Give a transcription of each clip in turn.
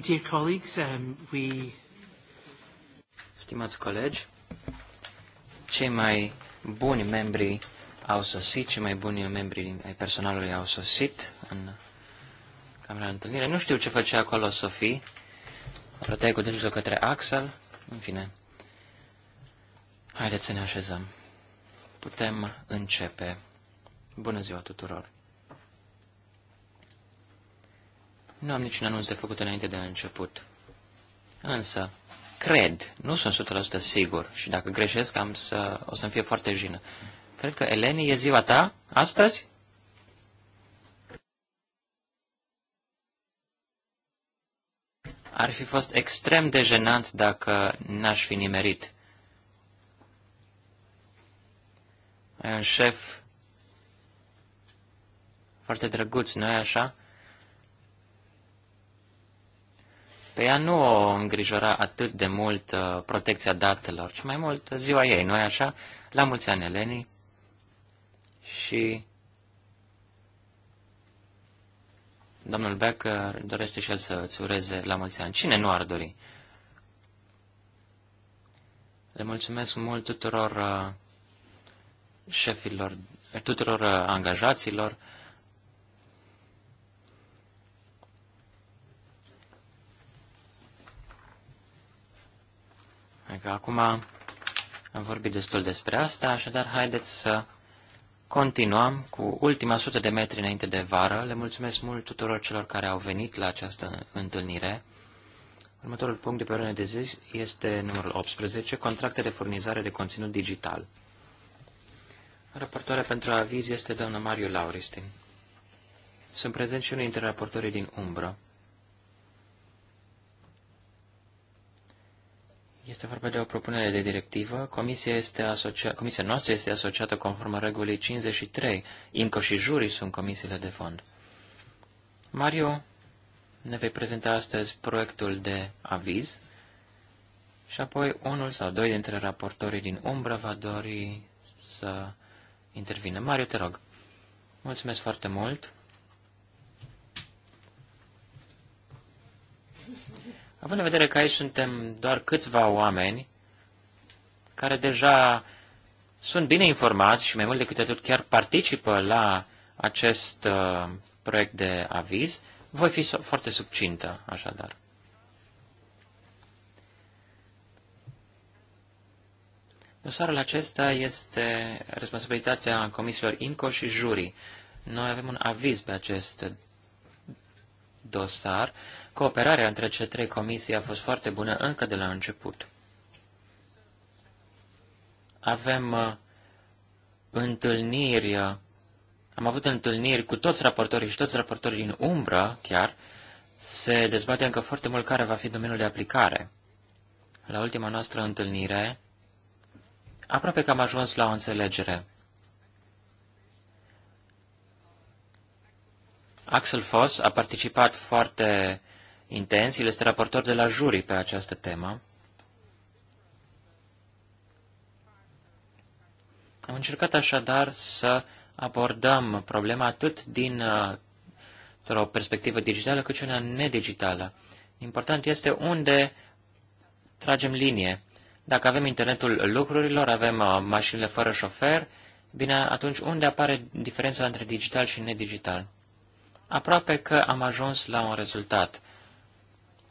dear colleagues, um, we... Stimați colegi, cei mai buni membri au sosit, cei mai buni membri ai personalului au sosit în camera de întâlnire. Nu știu ce făcea acolo Sofie. Arătai cu dânsul către Axel. În fine. Haideți să ne așezăm. Putem începe. Bună ziua tuturor! Nu am niciun anunț de făcut înainte de început. Însă, cred, nu sunt 100% sigur și dacă greșesc am să, o să-mi fie foarte jină. Cred că, Eleni, e ziua ta astăzi? Ar fi fost extrem de jenant dacă n-aș fi nimerit. Ai un șef foarte drăguț, nu-i așa? Pe ea nu o îngrijora atât de mult uh, protecția datelor, ci mai mult ziua ei, nu așa? La mulți ani, Eleni. Și domnul Becker dorește și el să îți ureze la mulți ani. Cine nu ar dori? Le mulțumesc mult tuturor uh, șefilor, tuturor uh, angajaților, Că acum am vorbit destul despre asta, așadar haideți să continuăm cu ultima sută de metri înainte de vară. Le mulțumesc mult tuturor celor care au venit la această întâlnire. Următorul punct de pe ordine de zi este numărul 18, contracte de furnizare de conținut digital. Raportoarea pentru aviz este doamna Mariu Lauristin. Sunt prezent și unul dintre raportorii din umbră. Este vorba de o propunere de directivă. Comisia, este asocia... Comisia noastră este asociată conform regulii 53. INCO și jurii sunt comisiile de fond. Mario, ne vei prezenta astăzi proiectul de aviz și apoi unul sau doi dintre raportorii din umbră va dori să intervină. Mario, te rog. Mulțumesc foarte mult. Având în vedere că aici suntem doar câțiva oameni care deja sunt bine informați și mai mult decât atât chiar participă la acest uh, proiect de aviz, voi fi foarte subcintă, așadar. Dosarul acesta este responsabilitatea comisiilor INCO și jurii. Noi avem un aviz pe acest dosar Cooperarea între cele trei comisii a fost foarte bună încă de la început. Avem uh, întâlniri, uh, am avut întâlniri cu toți raportorii și toți raportorii din umbră, chiar, se dezbate încă foarte mult care va fi domeniul de aplicare. La ultima noastră întâlnire, aproape că am ajuns la o înțelegere. Axel Foss a participat foarte intens. El este raportor de la jury pe această temă. Am încercat așadar să abordăm problema atât din uh, o perspectivă digitală cât și una nedigitală. Important este unde tragem linie. Dacă avem internetul lucrurilor, avem uh, mașinile fără șofer, bine, atunci unde apare diferența între digital și nedigital? Aproape că am ajuns la un rezultat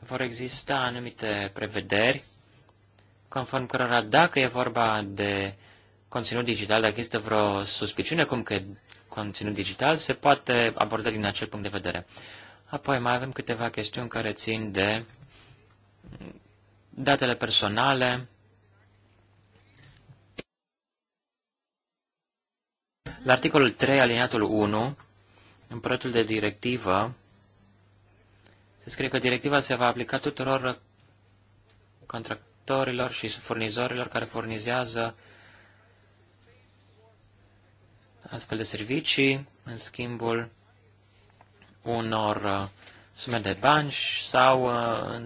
vor exista anumite prevederi conform cărora dacă e vorba de conținut digital, dacă există vreo suspiciune cum că conținut digital, se poate aborda din acel punct de vedere. Apoi mai avem câteva chestiuni care țin de datele personale, La articolul 3, aliniatul 1, în de directivă se scrie că directiva se va aplica tuturor contractorilor și furnizorilor care furnizează astfel de servicii în schimbul unor uh, sume de bani sau uh, în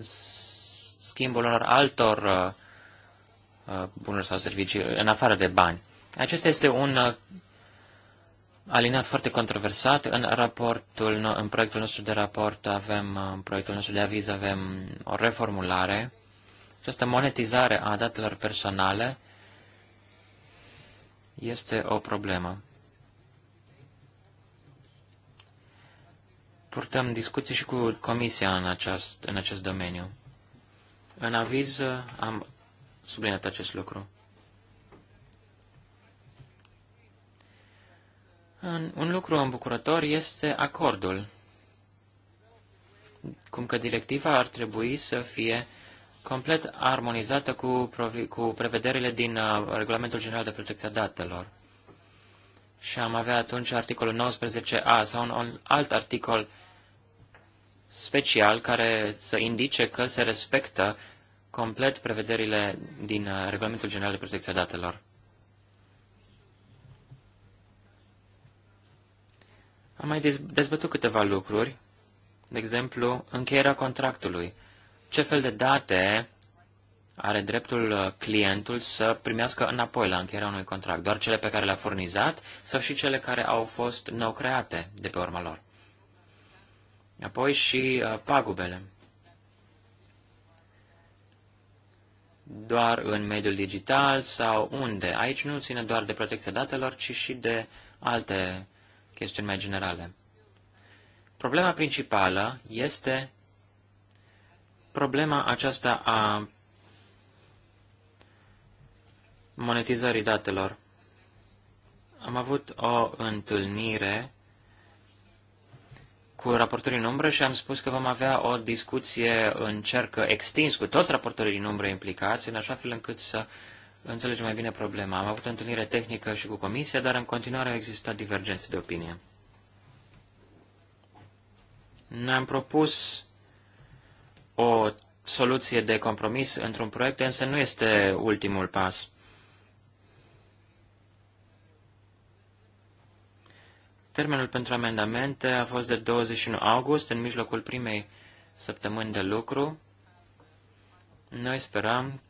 schimbul unor altor uh, bunuri sau servicii în afară de bani. Acesta este un alinat foarte controversat. În raportul, în proiectul nostru de raport avem, uh, în proiectul nostru de aviz avem o reformulare. Această monetizare a datelor personale este o problemă. Purtăm discuții și cu Comisia în acest, în acest domeniu. În aviz uh, am subliniat acest lucru. Un lucru îmbucurător este acordul. Cum că directiva ar trebui să fie complet armonizată cu, cu prevederile din uh, Regulamentul General de Protecție a Datelor. Și am avea atunci articolul 19a sau un alt articol special care să indice că se respectă complet prevederile din uh, Regulamentul General de Protecție a Datelor. Am mai dezbătut câteva lucruri, de exemplu, încheierea contractului. Ce fel de date are dreptul uh, clientul să primească înapoi la încheierea unui contract? Doar cele pe care le-a furnizat sau și cele care au fost nou create de pe urma lor? Apoi și uh, pagubele. Doar în mediul digital sau unde? Aici nu ține doar de protecția datelor, ci și de alte chestiuni mai generale. Problema principală este problema aceasta a monetizării datelor. Am avut o întâlnire cu raportorii în umbră și am spus că vom avea o discuție în cercă extins cu toți raportorii în umbră implicați, în așa fel încât să uh, înțelegem mai bine problema. Am avut o întâlnire tehnică și cu comisia, dar în continuare au existat divergențe de opinie. Ne-am propus o soluție de compromis într-un proiect, însă nu este ultimul pas. Termenul pentru amendamente a fost de 21 august, în mijlocul primei săptămâni de lucru. Noi sperăm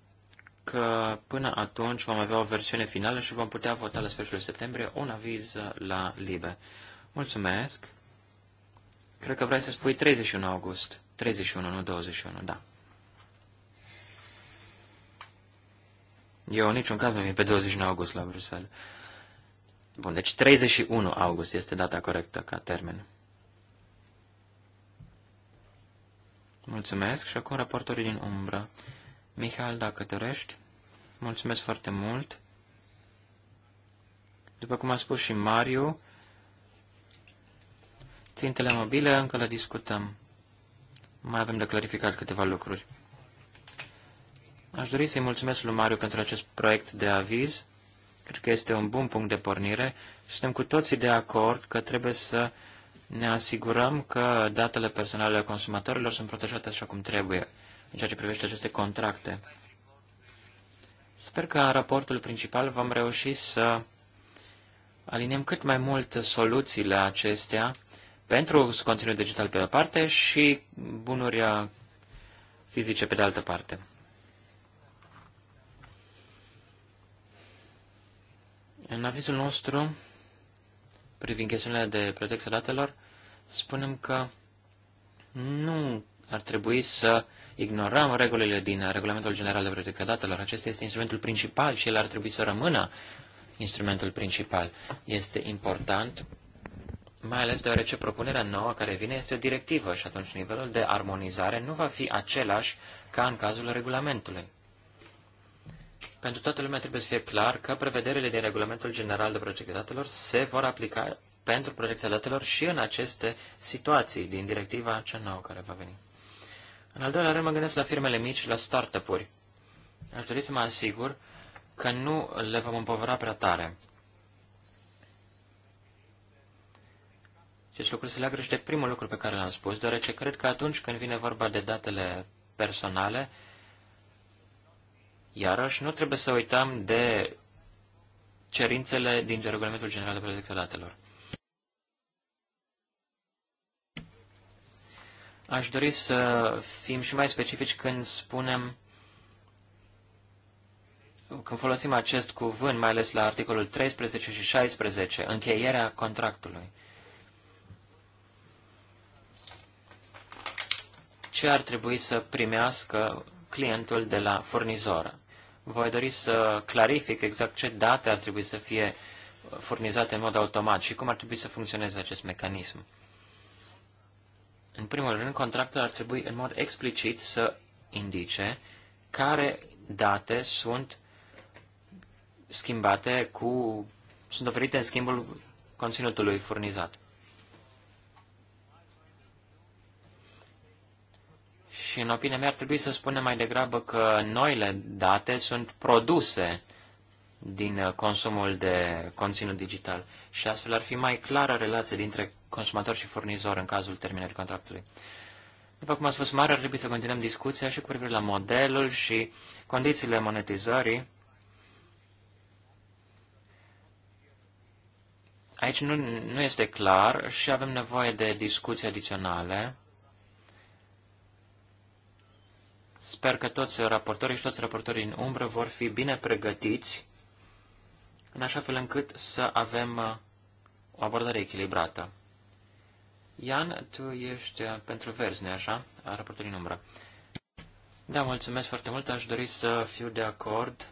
că până atunci vom avea o versiune finală și vom putea vota la sfârșitul septembrie un aviz la LIBE. Mulțumesc! Cred că vrei să spui 31 august. 31, nu 21, da. Eu în niciun caz nu vin pe 29 august la Bruxelles. Bun, deci 31 august este data corectă ca termen. Mulțumesc și acum raportorii din umbră. Mihail, dacă dorești, mulțumesc foarte mult. După cum a spus și Mariu, țintele mobile încă le discutăm. Mai avem de clarificat câteva lucruri. Aș dori să-i mulțumesc lui Mariu pentru acest proiect de aviz. Cred că este un bun punct de pornire. Suntem cu toții de acord că trebuie să ne asigurăm că datele personale ale consumatorilor sunt protejate așa cum trebuie în ceea ce privește aceste contracte. Sper că în raportul principal vom reuși să aliniem cât mai mult soluțiile acestea pentru conținut digital pe o parte și bunuri fizice pe de altă parte. În avizul nostru, privind chestiunile de protecție datelor, spunem că nu ar trebui să ignorăm regulile din Regulamentul General de Protecție a Datelor. Acesta este instrumentul principal și el ar trebui să rămână instrumentul principal. Este important, mai ales deoarece propunerea nouă care vine este o directivă și atunci nivelul de armonizare nu va fi același ca în cazul regulamentului. Pentru toată lumea trebuie să fie clar că prevederile din Regulamentul General de Protecție Datelor se vor aplica pentru protecția datelor și în aceste situații din directiva cea nouă care va veni. În al doilea rând, mă gândesc la firmele mici la startup-uri. Aș dori să mă asigur că nu le vom împovăra prea tare. Acest lucru se leagă și de primul lucru pe care l-am spus, deoarece cred că atunci când vine vorba de datele personale, iarăși nu trebuie să uităm de cerințele din Regulamentul General de Protecție a Datelor. Aș dori să fim și mai specifici când spunem, când folosim acest cuvânt, mai ales la articolul 13 și 16, încheierea contractului. Ce ar trebui să primească clientul de la furnizor? Voi dori să clarific exact ce date ar trebui să fie furnizate în mod automat și cum ar trebui să funcționeze acest mecanism. În primul rând, contractul ar trebui în mod explicit să indice care date sunt schimbate cu, sunt oferite în schimbul conținutului furnizat. Și în opinia mea ar trebui să spunem mai degrabă că noile date sunt produse din consumul de conținut digital și astfel ar fi mai clară relația dintre consumator și furnizor în cazul terminării contractului. După cum a spus Mare, ar trebui să continuăm discuția și cu privire la modelul și condițiile monetizării. Aici nu, nu este clar și avem nevoie de discuții adiționale. Sper că toți raportorii și toți raportorii în umbră vor fi bine pregătiți, în așa fel încât să avem uh, o abordare echilibrată. Ian, tu ești uh, pentru verzi, nu așa? Raportul din umbră. Da, mulțumesc foarte mult. Aș dori să fiu de acord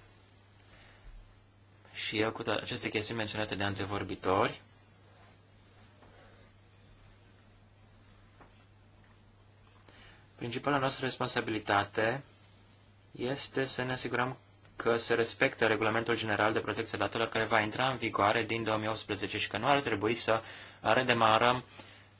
și eu cu aceste chestiuni menționate de antevorbitori. Principala noastră responsabilitate este să ne asigurăm că se respectă regulamentul general de protecție datelor care va intra în vigoare din 2018 și că nu ar trebui să redemarăm uh,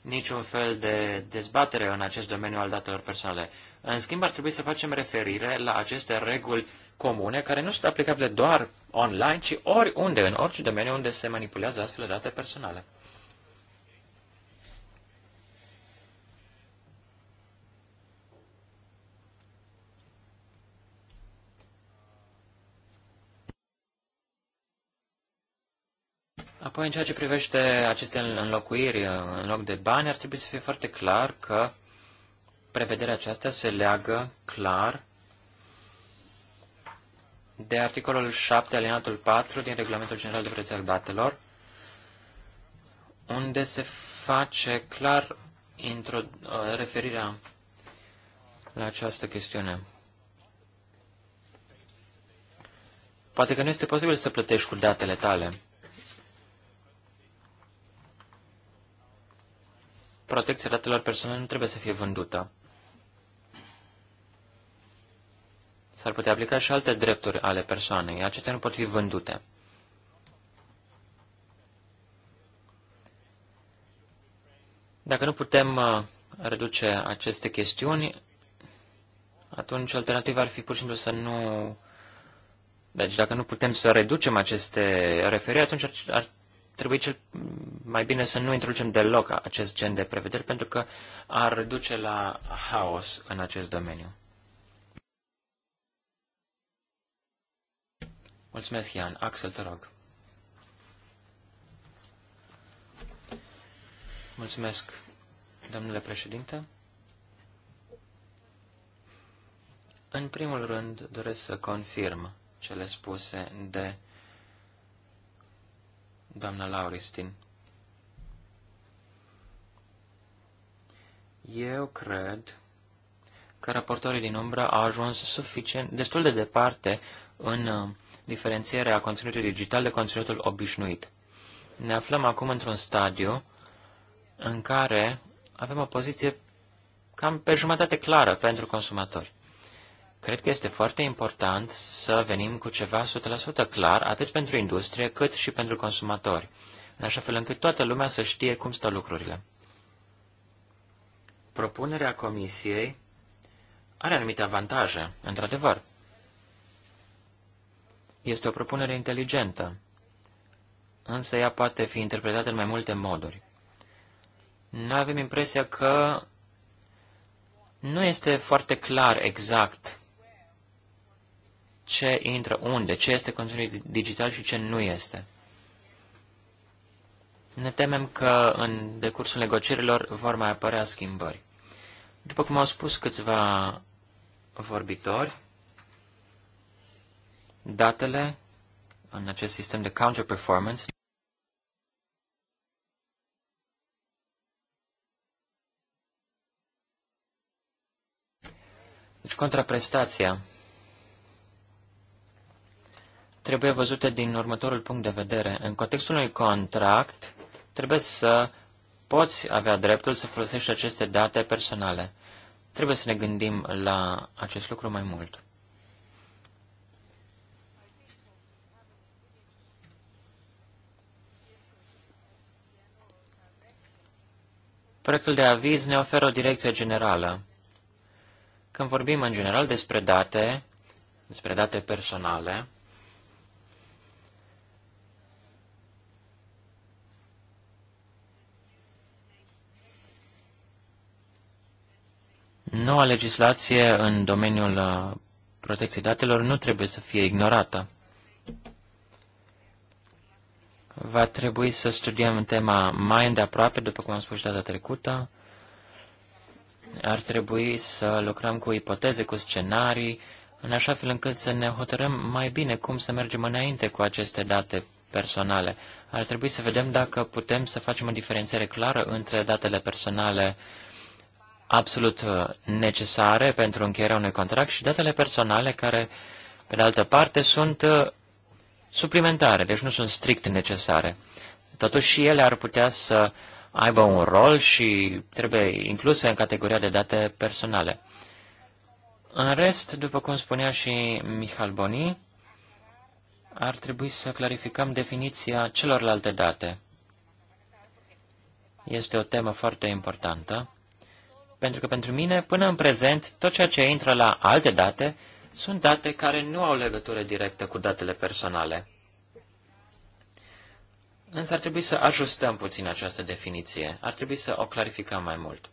niciun fel de dezbatere în acest domeniu al datelor personale. În schimb, ar trebui să facem referire la aceste reguli comune, care nu sunt aplicabile doar online, ci oriunde, în orice domeniu unde se manipulează astfel de date personale. Apoi, în ceea ce privește aceste înlocuiri uh, în loc de bani, ar trebui să fie foarte clar că prevederea aceasta se leagă clar de articolul 7, alineatul 4 din Regulamentul General de Preț al Datelor, unde se face clar uh, referirea la această chestiune. Poate că nu este posibil să plătești cu datele tale. protecția datelor personale nu trebuie să fie vândută. S-ar putea aplica și alte drepturi ale persoanei. Acestea nu pot fi vândute. Dacă nu putem uh, reduce aceste chestiuni, atunci alternativa ar fi pur și simplu să nu... Deci dacă nu putem să reducem aceste referiri, atunci ar, ar trebui cel mai bine să nu introducem deloc acest gen de prevederi, pentru că ar reduce la haos în acest domeniu. Mulțumesc, Ian. Axel, te rog. Mulțumesc, domnule președinte. În primul rând, doresc să confirm cele spuse de doamna Lauristin. Eu cred că raportorii din umbră au ajuns suficient, destul de departe în uh, diferențierea conținutului digital de conținutul obișnuit. Ne aflăm acum într-un stadiu în care avem o poziție cam pe jumătate clară pentru consumatori. Cred că este foarte important să venim cu ceva 100% clar, atât pentru industrie, cât și pentru consumatori, în așa fel încât toată lumea să știe cum stau lucrurile. Propunerea comisiei are anumite avantaje, într-adevăr. Este o propunere inteligentă, însă ea poate fi interpretată în mai multe moduri. Noi avem impresia că nu este foarte clar exact ce intră unde, ce este conținut digital și ce nu este. Ne temem că în decursul negocierilor vor mai apărea schimbări. După cum au spus câțiva vorbitori, datele în acest sistem de counter-performance Deci contraprestația trebuie văzute din următorul punct de vedere. În contextul unui contract, trebuie să poți avea dreptul să folosești aceste date personale. Trebuie să ne gândim la acest lucru mai mult. Proiectul de aviz ne oferă o direcție generală. Când vorbim în general despre date, despre date personale, Noua legislație în domeniul uh, protecției datelor nu trebuie să fie ignorată. Va trebui să studiem tema mai îndeaproape, după cum am spus data trecută. Ar trebui să lucrăm cu ipoteze, cu scenarii, în așa fel încât să ne hotărâm mai bine cum să mergem înainte cu aceste date personale. Ar trebui să vedem dacă putem să facem o diferențiere clară între datele personale uh, absolut uh, necesare pentru încheierea unui contract și datele personale care, pe de altă parte, sunt uh, suplimentare, deci nu sunt strict necesare. Totuși și ele ar putea să aibă un rol și trebuie incluse în categoria de date personale. În rest, după cum spunea și Michal Boni, ar trebui să clarificăm definiția celorlalte date. Este o temă foarte importantă. Pentru că pentru mine, până în prezent, tot ceea ce intră la alte date sunt date care nu au legătură directă cu datele personale. Însă ar trebui să ajustăm puțin această definiție. Ar trebui să o clarificăm mai mult.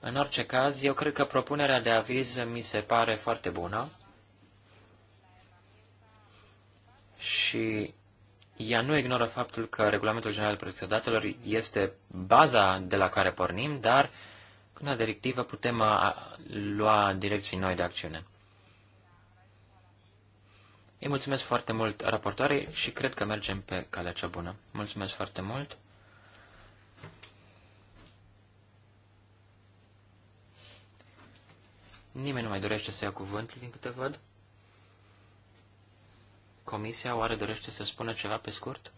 În orice caz, eu cred că propunerea de aviz mi se pare foarte bună și ea nu ignoră faptul că Regulamentul General de Protecției Datelor este baza de la care pornim, dar cu una directivă putem lua direcții noi de acțiune. Îi mulțumesc foarte mult raportoarei și cred că mergem pe calea cea bună. Mulțumesc foarte mult! Nimeni nu mai dorește să ia cuvântul, din câte văd. Comisia oare dorește să spună ceva pe scurt?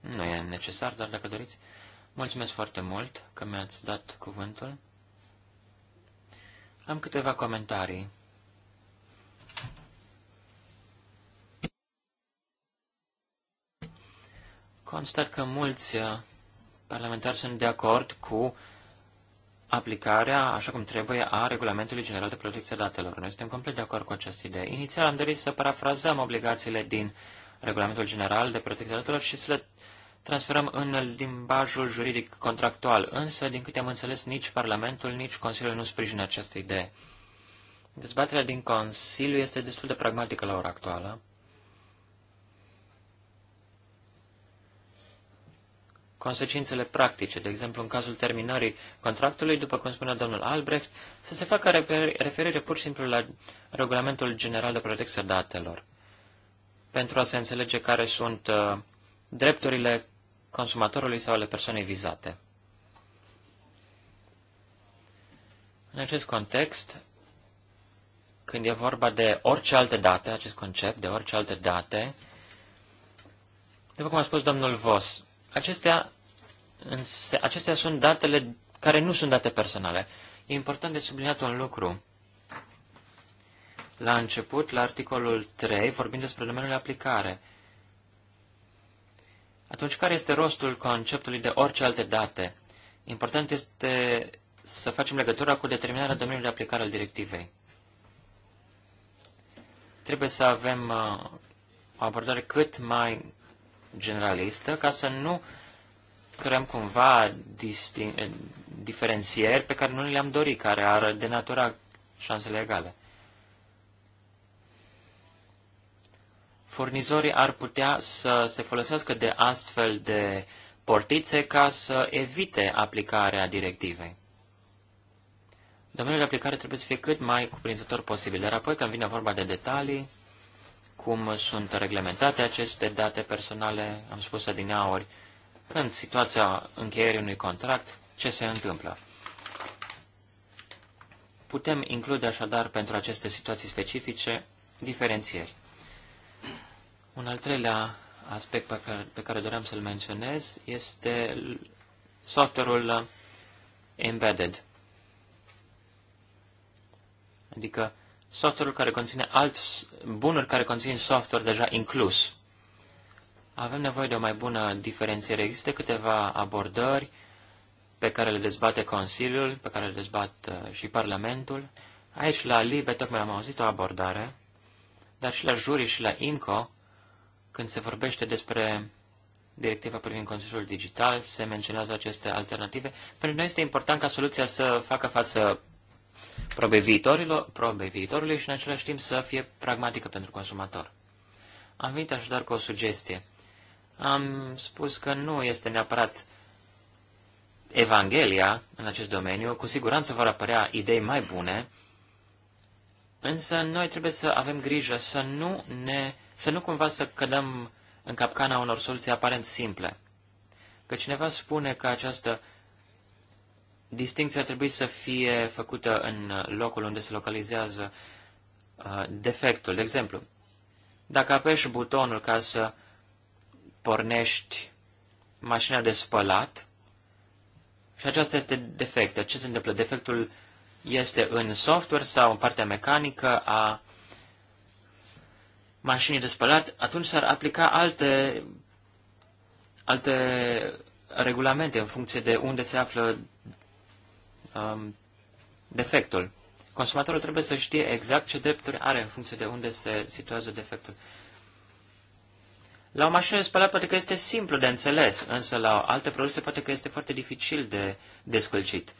Nu e necesar, dar dacă doriți, mulțumesc foarte mult că mi-ați dat cuvântul. Am câteva comentarii. Constat că mulți uh, parlamentari sunt de acord cu aplicarea, așa cum trebuie, a Regulamentului General de Protecție Datelor. Noi suntem complet de acord cu această idee. Inițial am dorit să parafrazăm obligațiile din Regulamentul General de Protecție Datelor și să le transferăm în limbajul juridic contractual, însă, din câte am înțeles, nici Parlamentul, nici Consiliul nu sprijină această idee. Dezbaterea din Consiliu este destul de pragmatică la ora actuală. consecințele practice, de exemplu în cazul terminării contractului, după cum spunea domnul Albrecht, să se facă referire pur și simplu la Regulamentul General de Protecție Datelor, pentru a se înțelege care sunt uh, drepturile consumatorului sau ale persoanei vizate. În acest context, când e vorba de orice alte date, acest concept de orice alte date, după cum a spus domnul Vos, acestea Însă acestea sunt datele care nu sunt date personale. E important de subliniat un lucru. La început, la articolul 3, vorbim despre domeniul de aplicare. Atunci, care este rostul conceptului de orice alte date? Important este să facem legătura cu determinarea domeniului de aplicare al directivei. Trebuie să avem uh, o abordare cât mai generalistă ca să nu uh, creăm cumva distin- diferențieri pe care nu le-am dorit, care ar denatura șansele egale. Furnizorii ar putea să se folosească de astfel de portițe ca să evite aplicarea directivei. Domeniul de aplicare trebuie să fie cât mai cuprinzător posibil, dar apoi când vine vorba de detalii, cum sunt reglementate aceste date personale, am spus adineauri, când în situația încheierii unui contract, ce se întâmplă. Putem include așadar pentru aceste situații specifice diferențieri. Un al treilea aspect pe care, pe care doream să-l menționez este software-ul embedded, adică software-ul care conține alt, bunuri care conțin software deja inclus. Avem nevoie de o mai bună diferențiere. Există câteva abordări pe care le dezbate Consiliul, pe care le dezbat uh, și Parlamentul. Aici, la Libe, tocmai am auzit o abordare, dar și la Juri și la INCO, când se vorbește despre directiva privind Consiliul digital, se menționează aceste alternative. Pentru noi este important ca soluția să facă față probe, viitorilor, probe viitorului și în același timp să fie pragmatică pentru consumator. Am venit așadar cu o sugestie am spus că nu este neapărat Evanghelia în acest domeniu, cu siguranță vor apărea idei mai bune, însă noi trebuie să avem grijă să nu, ne, să nu cumva să cădem în capcana unor soluții aparent simple. Că cineva spune că această distinție ar trebui să fie făcută în locul unde se localizează uh, defectul. De exemplu, dacă apeși butonul ca să pornești mașina de spălat și aceasta este defectă. Ce se întâmplă? Defectul este în software sau în partea mecanică a mașinii de spălat, atunci s-ar aplica alte, alte regulamente în funcție de unde se află um, defectul. Consumatorul trebuie să știe exact ce drepturi are în funcție de unde se situează defectul. La o mașină de spălat poate că este simplu de înțeles, însă la alte produse poate că este foarte dificil de descălcit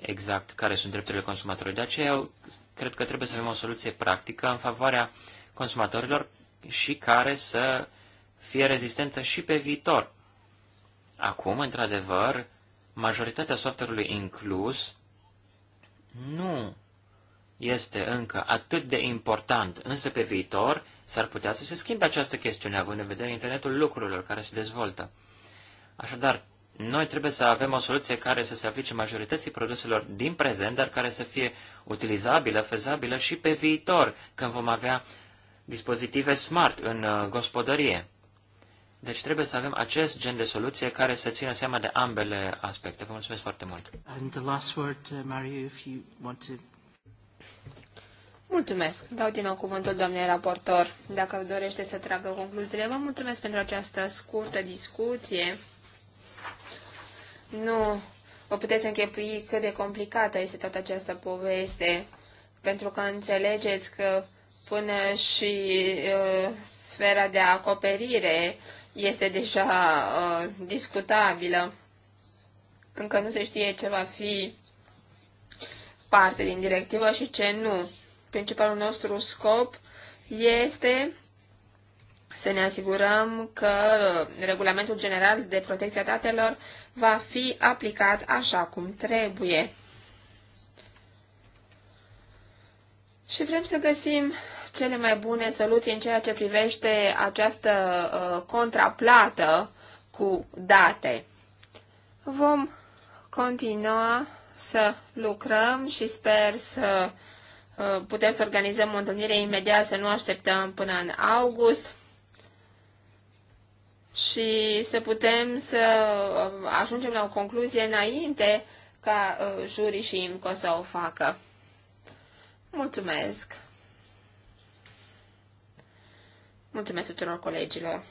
exact care sunt drepturile consumatorului. De aceea eu cred că trebuie să avem o soluție practică în favoarea consumatorilor și care să fie rezistentă și pe viitor. Acum, într-adevăr, majoritatea software-ului inclus nu este încă atât de important, însă pe viitor S-ar putea să se schimbe această chestiune, având în vedere internetul lucrurilor care se dezvoltă. Așadar, noi trebuie să avem o soluție care să se aplice majorității produselor din prezent, dar care să fie utilizabilă, fezabilă și pe viitor, când vom avea dispozitive smart în uh, gospodărie. Deci trebuie să avem acest gen de soluție care să țină seama de ambele aspecte. Vă mulțumesc foarte mult. And the last word, uh, Mario, if you want to Mulțumesc. Dau din nou cuvântul doamnei raportor. Dacă dorește să tragă concluziile, vă mulțumesc pentru această scurtă discuție. Nu vă puteți închepui cât de complicată este toată această poveste, pentru că înțelegeți că până și uh, sfera de acoperire este deja uh, discutabilă. Încă nu se știe ce va fi parte din directivă și ce nu principalul nostru scop este să ne asigurăm că regulamentul general de protecție a datelor va fi aplicat așa cum trebuie. Și vrem să găsim cele mai bune soluții în ceea ce privește această uh, contraplată cu date. Vom continua să lucrăm și sper să Uh, putem să organizăm o întâlnire imediat, să nu așteptăm până în august și să putem să uh, ajungem la o concluzie înainte ca uh, jurii și IMCO să o facă. Mulțumesc! Mulțumesc tuturor colegilor!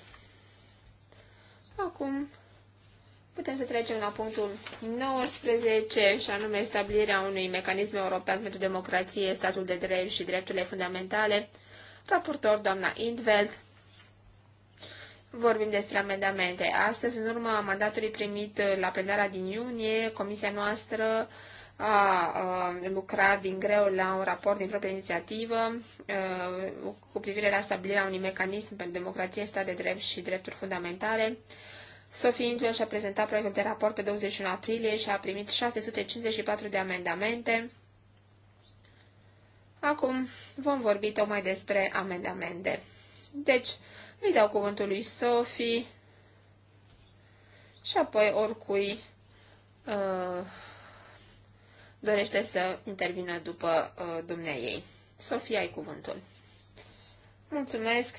Acum Putem să trecem la punctul 19, și anume stabilirea unui mecanism european pentru democrație, statul de drept și drepturile fundamentale. Raportor, doamna Indveld. Vorbim despre amendamente. Astăzi, în urma mandatului primit la plenara din iunie, comisia noastră a, lucrat din greu la un raport din proprie inițiativă cu privire la stabilirea unui mecanism pentru democrație, stat de drept și drepturi fundamentale. Sophie Intuel și-a prezentat proiectul de raport pe 21 aprilie și a primit 654 de amendamente. Acum vom vorbi tocmai despre amendamente. Deci, îi dau cuvântul lui Sophie și apoi oricui uh, dorește să intervină după uh, dumnea ei. Sofia, ai cuvântul. Mulțumesc!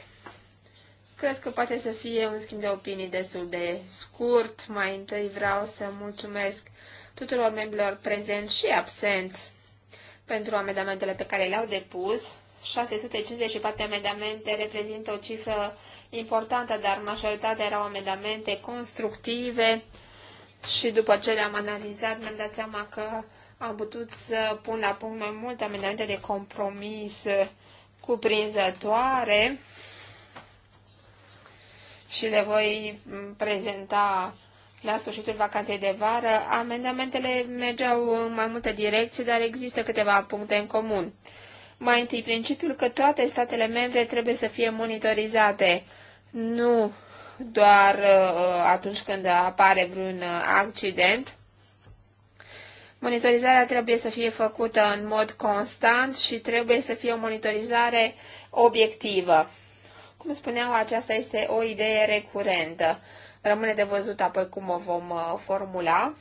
Cred că poate să fie un schimb de opinii destul de scurt. Mai întâi vreau să mulțumesc tuturor membrilor prezenți și absenți pentru amendamentele pe care le-au depus. 654 amendamente reprezintă o cifră importantă, dar majoritatea erau amendamente constructive și după ce le-am analizat mi-am dat seama că am putut să pun la punct mai multe amendamente de compromis cuprinzătoare și le voi prezenta la sfârșitul vacanței de vară. Amendamentele mergeau în mai multe direcții, dar există câteva puncte în comun. Mai întâi, principiul că toate statele membre trebuie să fie monitorizate, nu doar uh, atunci când apare vreun accident. Monitorizarea trebuie să fie făcută în mod constant și trebuie să fie o monitorizare obiectivă. Cum spuneam, aceasta este o idee recurentă. Rămâne de văzut apoi cum o vom uh, formula.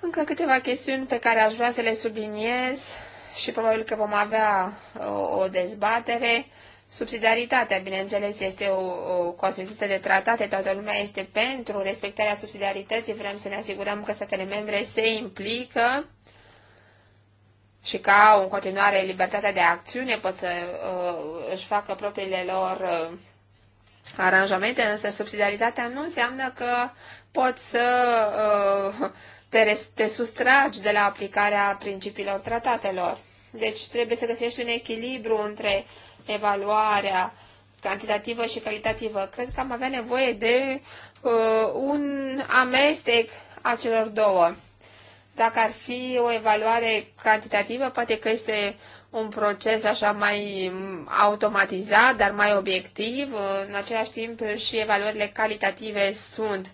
Încă câteva chestiuni pe care aș vrea să le subliniez și probabil că vom avea uh, o dezbatere. Subsidiaritatea, bineînțeles, este o, o cosmetică de tratate, toată lumea este pentru respectarea subsidiarității, vrem să ne asigurăm că statele membre se implică și că au în continuare libertatea de acțiune, pot să uh, își facă propriile lor uh, aranjamente, însă subsidiaritatea nu înseamnă că poți să uh, te, te sustragi de la aplicarea principiilor tratatelor. Deci trebuie să găsești un echilibru între evaluarea cantitativă și calitativă. Cred că am avea nevoie de uh, un amestec a celor două. Dacă ar fi o evaluare cantitativă, poate că este un proces așa mai mm, automatizat, dar mai obiectiv. În același timp și evaluările calitative sunt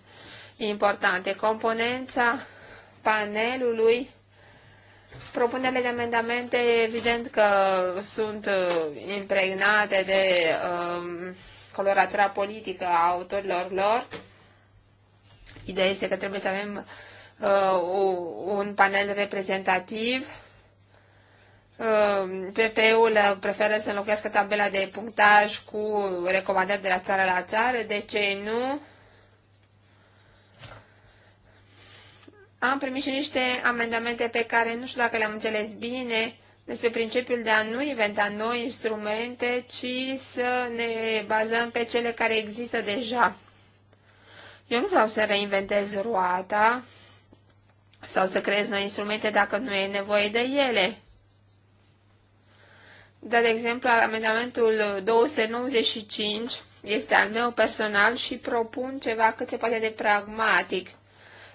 importante. Componența panelului, propunerile de amendamente, evident că sunt uh, impregnate de um, coloratura politică a autorilor lor. Ideea este că trebuie să avem uh, Uh, un panel reprezentativ. Uh, PP-ul preferă să înlocuiască tabela de punctaj cu recomandări de la țară la țară. De ce nu? Am primit și niște amendamente pe care nu știu dacă le-am înțeles bine despre principiul de a nu inventa noi instrumente, ci să ne bazăm pe cele care există deja. Eu nu vreau să reinventez roata, sau să creezi noi instrumente dacă nu e nevoie de ele. Dar, de exemplu, amendamentul 295 este al meu personal și propun ceva cât se poate de pragmatic,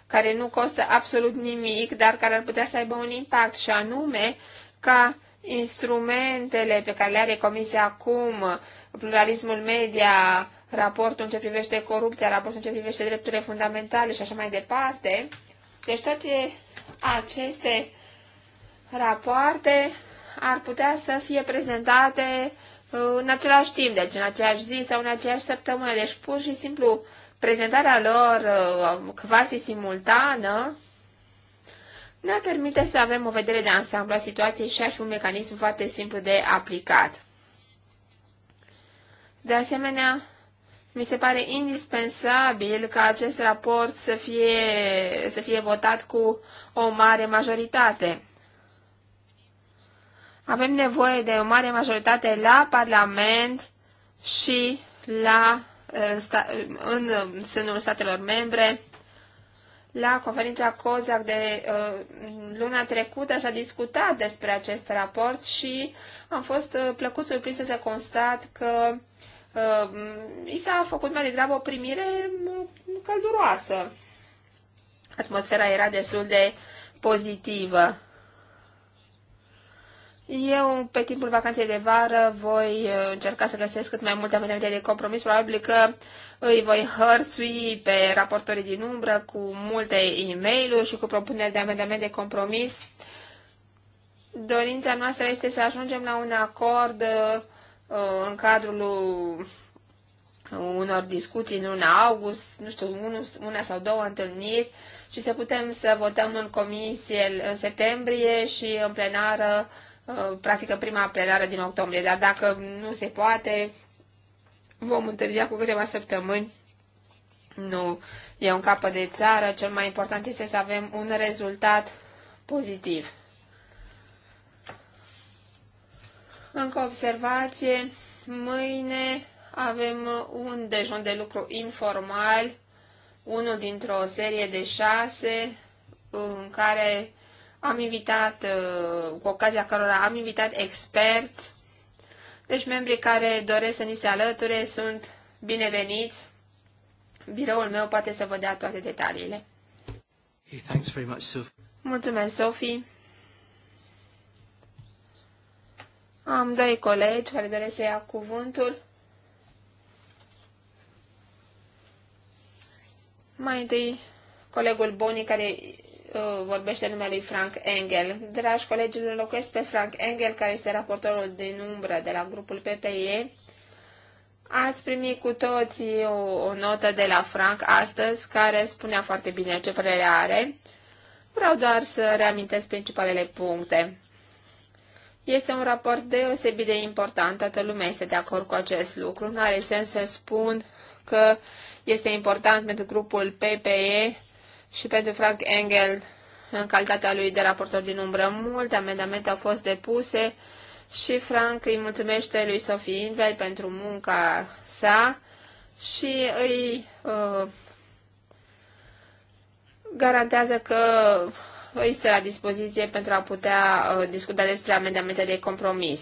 care nu costă absolut nimic, dar care ar putea să aibă un impact, și anume ca instrumentele pe care le are Comisia acum, pluralismul media, raportul în ce privește corupția, raportul în ce privește drepturile fundamentale și așa mai departe, deci toate aceste rapoarte ar putea să fie prezentate uh, în același timp, deci în aceeași zi sau în aceeași săptămână. Deci pur și simplu prezentarea lor uh, quasi simultană ne-ar permite să avem o vedere de ansamblu a situației și ar fi un mecanism foarte simplu de aplicat. De asemenea, mi se pare indispensabil ca acest raport să fie, să fie votat cu o mare majoritate. Avem nevoie de o mare majoritate la Parlament și la, în sânul statelor membre. La conferința COSAC de uh, luna trecută s-a discutat despre acest raport și am fost uh, plăcut surprinsă să constat că uh, Uh, i s-a făcut mai degrabă o primire uh, călduroasă. Atmosfera era destul de pozitivă. Eu, pe timpul vacanței de vară, voi uh, încerca să găsesc cât mai multe amendamente de compromis. Probabil că îi voi hărțui pe raportorii din umbră cu multe e mail și cu propuneri de amendamente de compromis. Dorința noastră este să ajungem la un acord Uh, în cadrul unor discuții în luna august, nu știu, una sau două întâlniri și să putem să votăm în comisie în septembrie și în plenară, uh, practic în prima plenară din octombrie. Dar dacă nu se poate, vom întârzia cu câteva săptămâni. Nu, e un capăt de țară, cel mai important este să avem un rezultat pozitiv. Încă observație, mâine avem un dejun de lucru informal, unul dintr-o serie de șase, în care am invitat, uh, cu ocazia cărora am invitat experți, deci membrii care doresc să ni se alăture sunt bineveniți. Biroul meu poate să vă dea toate detaliile. Hey, thanks very much, Sophie. Mulțumesc, Sophie. Am doi colegi care doresc să ia cuvântul. Mai întâi, colegul Boni, care uh, vorbește numele lui Frank Engel. Dragi colegi, îl înlocuiesc pe Frank Engel, care este raportorul din umbră de la grupul PPE. Ați primit cu toții o, o notă de la Frank astăzi, care spunea foarte bine ce părere are. Vreau doar să reamintesc principalele puncte. Este un raport deosebit de important, toată lumea este de acord cu acest lucru. Nu are sens să spun că este important pentru grupul PPE și pentru Frank Engel în calitatea lui de raportor din umbră. Multe amendamente au fost depuse și Frank îi mulțumește lui Sophie Invel pentru munca sa și îi uh, garantează că este la dispoziție pentru a putea uh, discuta despre amendamente de compromis.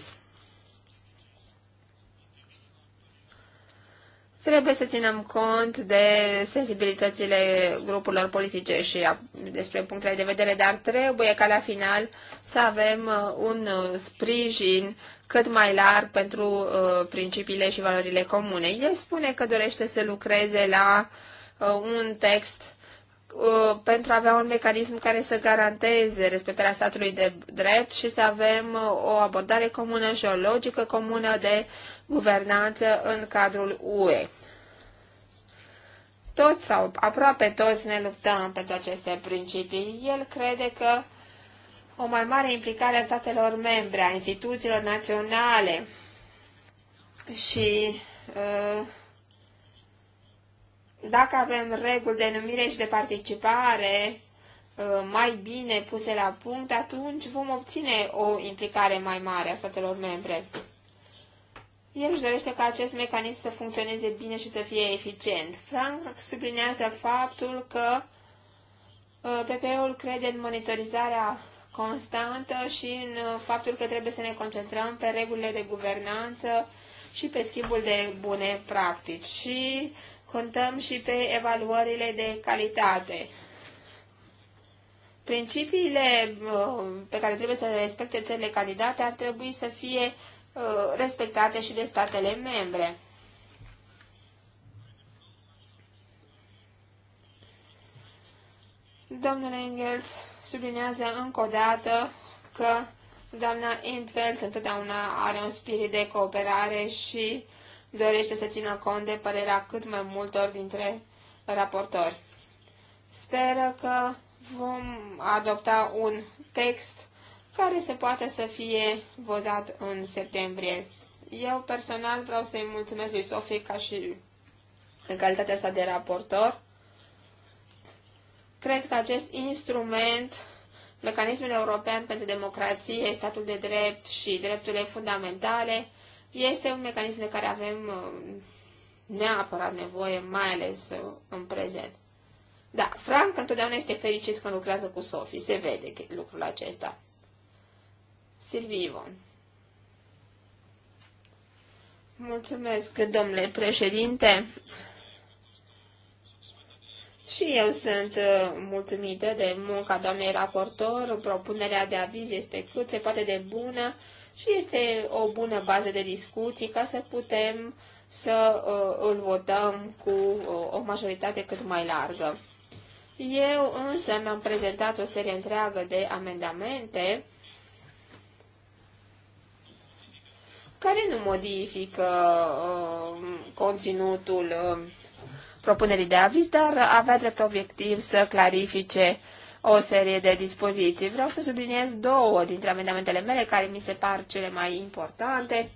Trebuie să ținem cont de sensibilitățile grupurilor politice și despre punctele de vedere, dar trebuie ca la final să avem uh, un uh, sprijin cât mai larg pentru principiile și valorile comune. El spune că dorește să lucreze la un text Uh, pentru a avea un mecanism care să garanteze respectarea statului de drept și să avem uh, o abordare comună și o logică comună de guvernanță în cadrul UE. Toți sau aproape toți ne luptăm pentru aceste principii. El crede că o mai mare implicare a statelor membre, a instituțiilor naționale și uh, dacă avem reguli de numire și de participare uh, mai bine puse la punct, atunci vom obține o implicare mai mare a statelor membre. El își dorește ca acest mecanism să funcționeze bine și să fie eficient. Frank sublinează faptul că uh, PPE-ul crede în monitorizarea constantă și în uh, faptul că trebuie să ne concentrăm pe regulile de guvernanță și pe schimbul de bune practici. Și contăm și pe evaluările de calitate. Principiile uh, pe care trebuie să le respecte țările candidate ar trebui să fie uh, respectate și de statele membre. Domnul Engels sublinează încă o dată că doamna Intveld întotdeauna are un spirit de cooperare și dorește să țină cont de părerea cât mai multor dintre raportori. Speră că vom adopta un text care se poate să fie votat în septembrie. Eu personal vreau să-i mulțumesc lui Sofie ca și în calitatea sa de raportor. Cred că acest instrument, mecanismul european pentru democrație, statul de drept și drepturile fundamentale, este un mecanism de care avem uh, neapărat nevoie, mai ales uh, în prezent. Da, Frank întotdeauna este fericit când lucrează cu Sophie. Se vede lucrul acesta. Silvii Ivon. Mulțumesc, domnule președinte. Și eu sunt uh, mulțumită de munca doamnei raportor. Propunerea de aviz este cât se poate de bună și este o bună bază de discuții ca să putem să uh, îl votăm cu uh, o majoritate cât mai largă. Eu însă mi-am prezentat o serie întreagă de amendamente care nu modifică uh, conținutul uh, propunerii de aviz, dar avea drept obiectiv să clarifice o serie de dispoziții. Vreau să subliniez două dintre amendamentele mele care mi se par cele mai importante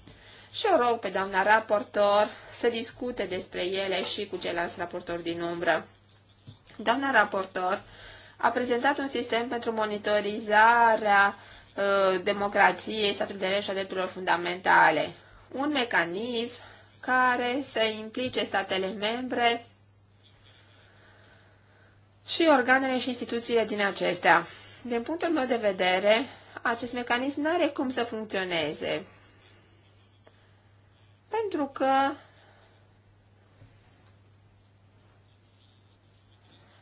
și o rog pe doamna raportor să discute despre ele și cu ceilalți raportori din umbră. Doamna raportor a prezentat un sistem pentru monitorizarea uh, democrației, statului de lege și a drepturilor fundamentale. Un mecanism care să implice statele membre și organele și instituțiile din acestea. Din punctul meu de vedere, acest mecanism nu are cum să funcționeze. Pentru că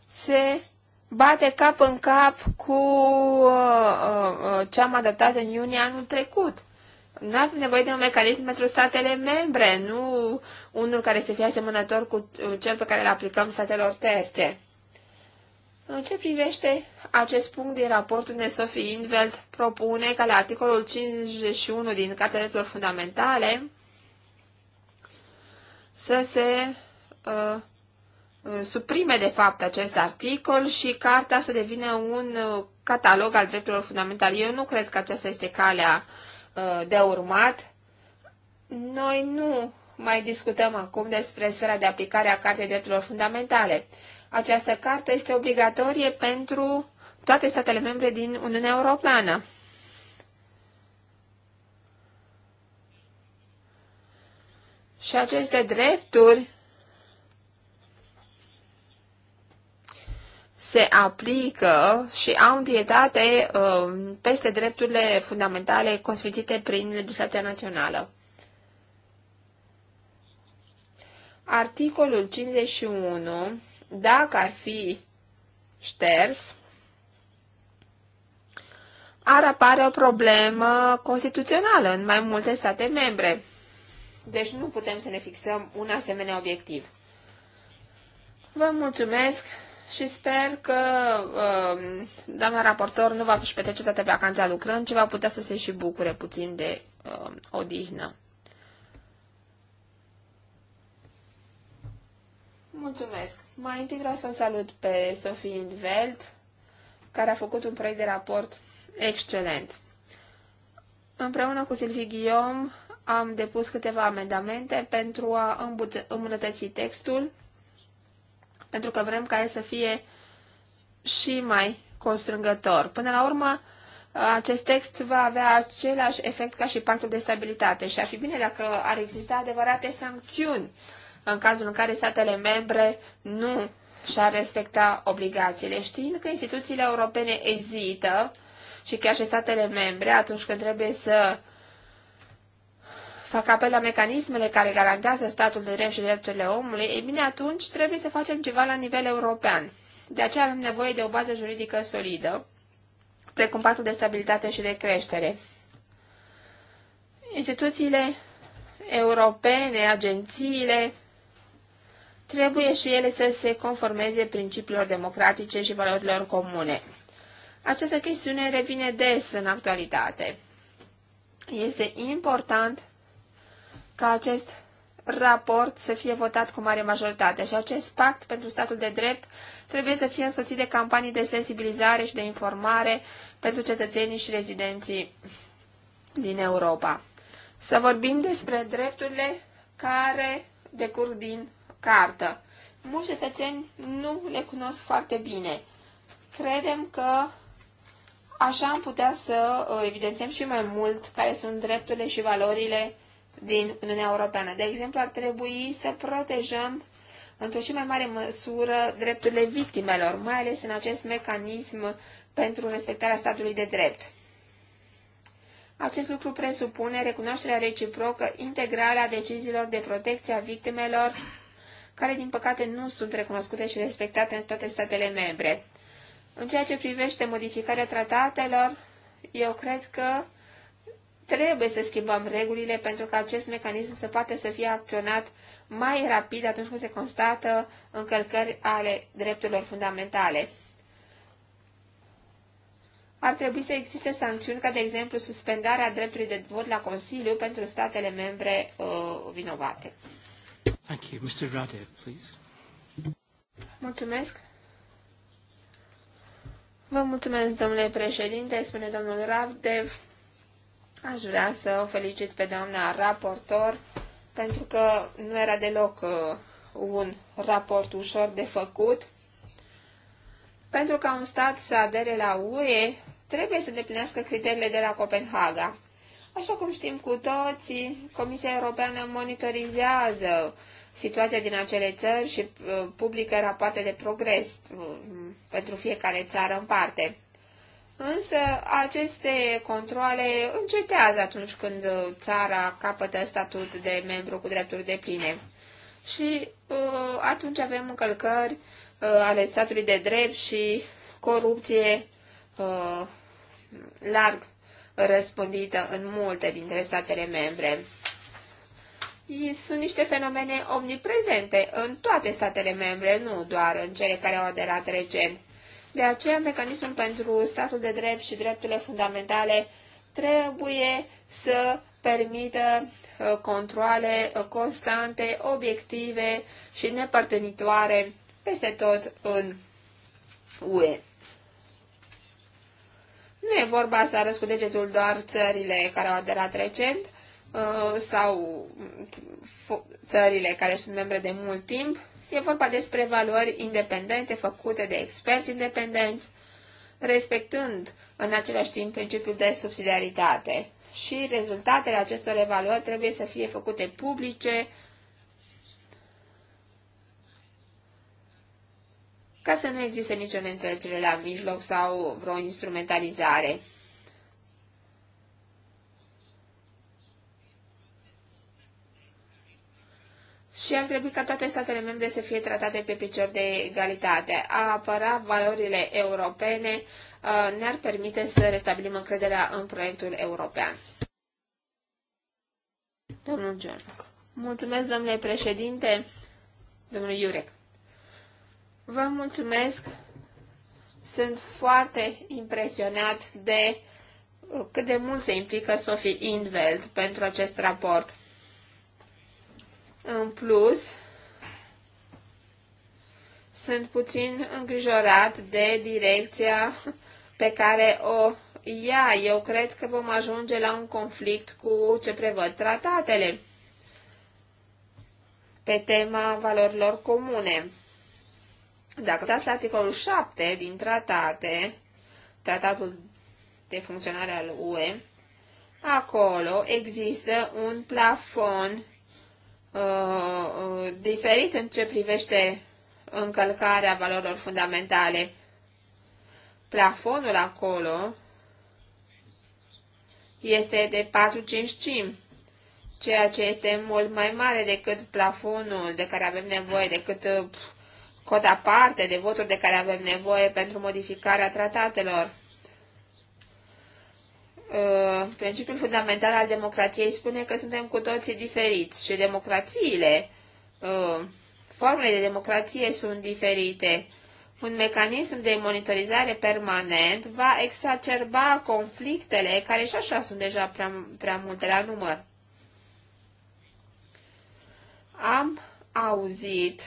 se bate cap în cap cu uh, uh, uh, ce am adoptat în iunie anul trecut. Nu avem nevoie de un mecanism pentru statele membre, nu unul care să fie asemănător cu cel pe care îl aplicăm statelor teste. În ce privește acest punct din raportul de Sophie Inveld propune că la articolul 51 din Cartea Fundamentale să se uh, suprime de fapt acest articol și cartea să devină un uh, catalog al drepturilor fundamentale. Eu nu cred că aceasta este calea uh, de urmat. Noi nu mai discutăm acum despre sfera de aplicare a Cartei Drepturilor Fundamentale. Această carte este obligatorie pentru toate statele membre din Uniunea Europeană. Și aceste drepturi se aplică și au dietate uh, peste drepturile fundamentale consfințite prin legislația națională. Articolul 51 dacă ar fi șters, ar apare o problemă constituțională în mai multe state membre. Deci nu putem să ne fixăm un asemenea obiectiv. Vă mulțumesc și sper că um, doamna raportor nu va fi petrece toată vacanța lucrând, ci va putea să se și bucure puțin de um, odihnă. Mulțumesc. Mai întâi vreau să o salut pe Sofie Inveld, care a făcut un proiect de raport excelent. Împreună cu Silvii Guillaume am depus câteva amendamente pentru a îmbunătăți textul, pentru că vrem ca el să fie și mai constrângător. Până la urmă, acest text va avea același efect ca și pactul de stabilitate și ar fi bine dacă ar exista adevărate sancțiuni în cazul în care statele membre nu și-ar respecta obligațiile, știind că instituțiile europene ezită și chiar și statele membre atunci când trebuie să fac apel la mecanismele care garantează statul de drept și drepturile omului, e bine, atunci trebuie să facem ceva la nivel european. De aceea avem nevoie de o bază juridică solidă, precum patul de stabilitate și de creștere. Instituțiile europene, agențiile, trebuie și ele să se conformeze principiilor democratice și valorilor comune. Această chestiune revine des în actualitate. Este important ca acest raport să fie votat cu mare majoritate și acest pact pentru statul de drept trebuie să fie însoțit de campanii de sensibilizare și de informare pentru cetățenii și rezidenții din Europa. Să vorbim despre drepturile care decurg din cartă. Mulți cetățeni nu le cunosc foarte bine. Credem că așa am putea să uh, evidențiem și mai mult care sunt drepturile și valorile din Uniunea Europeană. De exemplu, ar trebui să protejăm într-o și mai mare măsură drepturile victimelor, mai ales în acest mecanism pentru respectarea statului de drept. Acest lucru presupune recunoașterea reciprocă integrală a deciziilor de protecție a victimelor care din păcate nu sunt recunoscute și respectate în toate statele membre. În ceea ce privește modificarea tratatelor, eu cred că trebuie să schimbăm regulile pentru că acest mecanism să poate să fie acționat mai rapid atunci când se constată încălcări ale drepturilor fundamentale. Ar trebui să existe sancțiuni ca, de exemplu, suspendarea dreptului de vot la Consiliu pentru statele membre uh, vinovate. Thank you. Mr. Radev, please. Mulțumesc. Vă mulțumesc, domnule președinte, spune domnul Ravdev. Aș vrea să o felicit pe doamna raportor, pentru că nu era deloc uh, un raport ușor de făcut. Pentru ca un stat să adere la UE, trebuie să deplinească criteriile de la Copenhaga. Așa cum știm cu toții, Comisia Europeană monitorizează situația din acele țări și uh, publică rapoarte de progres uh, pentru fiecare țară în parte. Însă aceste controle încetează atunci când uh, țara capătă statut de membru cu drepturi de pline. Și atunci avem încălcări ale statului de drept și corupție larg răspândită în multe dintre statele membre sunt niște fenomene omniprezente în toate statele membre, nu doar în cele care au aderat recent. De aceea, mecanismul pentru statul de drept și drepturile fundamentale trebuie să permită uh, controle uh, constante, obiective și nepărtenitoare peste tot în UE. Nu e vorba să arăți cu degetul doar țările care au aderat recent, Uh, sau țările care sunt membre de mult timp. E vorba despre valori independente făcute de experți independenți, respectând în același timp principiul de subsidiaritate. Și rezultatele acestor evaluări trebuie să fie făcute publice ca să nu existe nicio neînțelegere la mijloc sau vreo instrumentalizare. și ar trebui ca toate statele membre să fie tratate pe picior de egalitate. A apăra valorile europene uh, ne-ar permite să restabilim încrederea în proiectul european. Domnul John. Mulțumesc, domnule președinte, domnul Iurec. Vă mulțumesc. Sunt foarte impresionat de uh, cât de mult se implică Sophie Inveld pentru acest raport. În plus, sunt puțin îngrijorat de direcția pe care o ia. Eu cred că vom ajunge la un conflict cu ce prevăd tratatele pe tema valorilor comune. Dacă uitați la articolul 7 din tratate, tratatul de funcționare al UE, acolo există un plafon Uh, uh, diferit în ce privește încălcarea valorilor fundamentale. Plafonul acolo este de 4 cincimi, ceea ce este mult mai mare decât plafonul de care avem nevoie, decât uh, cota parte de voturi de care avem nevoie pentru modificarea tratatelor. Uh, principiul fundamental al democrației spune că suntem cu toții diferiți și democrațiile, uh, formele de democrație sunt diferite. Un mecanism de monitorizare permanent va exacerba conflictele, care și așa sunt deja prea, prea multe la număr. Am auzit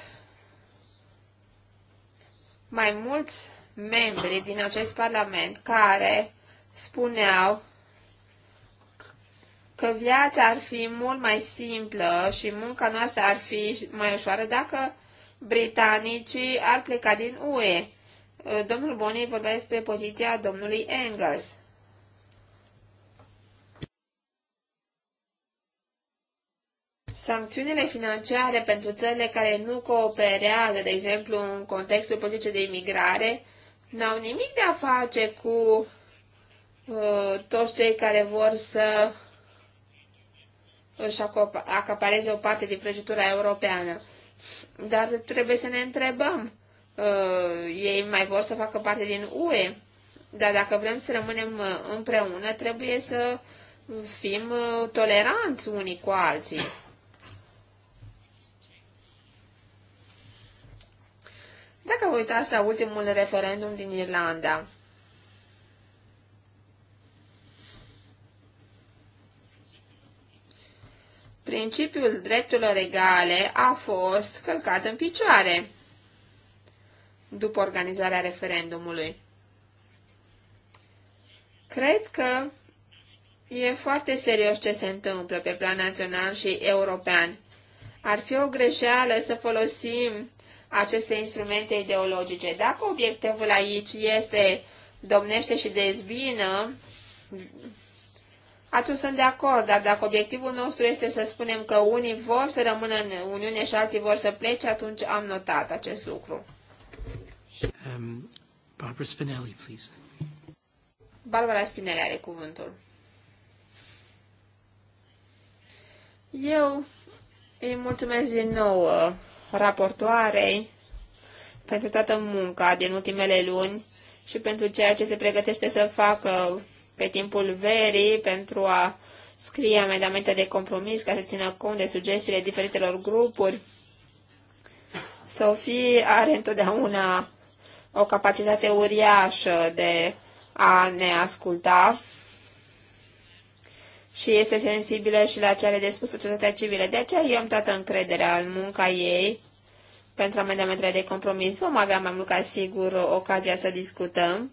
mai mulți membri din acest parlament care spuneau că viața ar fi mult mai simplă și munca noastră ar fi mai ușoară dacă britanicii ar pleca din UE. Domnul Boni vorbea despre poziția domnului Engels. Sancțiunile financiare pentru țările care nu cooperează, de exemplu, în contextul politicii de imigrare, n-au nimic de a face cu uh, toți cei care vor să își acapareze o parte din prăjitura europeană. Dar trebuie să ne întrebăm, uh, ei mai vor să facă parte din UE, dar dacă vrem să rămânem uh, împreună, trebuie să fim uh, toleranți unii cu alții. Dacă vă uitați la ultimul referendum din Irlanda, principiul drepturilor egale a fost călcat în picioare după organizarea referendumului. Cred că e foarte serios ce se întâmplă pe plan național și european. Ar fi o greșeală să folosim aceste instrumente ideologice. Dacă obiectivul aici este domnește și dezbină atunci sunt de acord, dar dacă obiectivul nostru este să spunem că unii vor să rămână în Uniune și alții vor să plece, atunci am notat acest lucru. Um, Barbara Spinelli, please. Barbara Spinelli are cuvântul. Eu îi mulțumesc din nou uh, raportoarei pentru toată munca din ultimele luni și pentru ceea ce se pregătește să facă pe timpul verii pentru a scrie amendamente de compromis ca să țină cont de sugestiile diferitelor grupuri. Sofie are întotdeauna o capacitate uriașă de a ne asculta și este sensibilă și la cele de spus societatea civilă. De aceea eu am toată încrederea în munca ei pentru amendamentele de compromis. Vom avea mai mult ca sigur ocazia să discutăm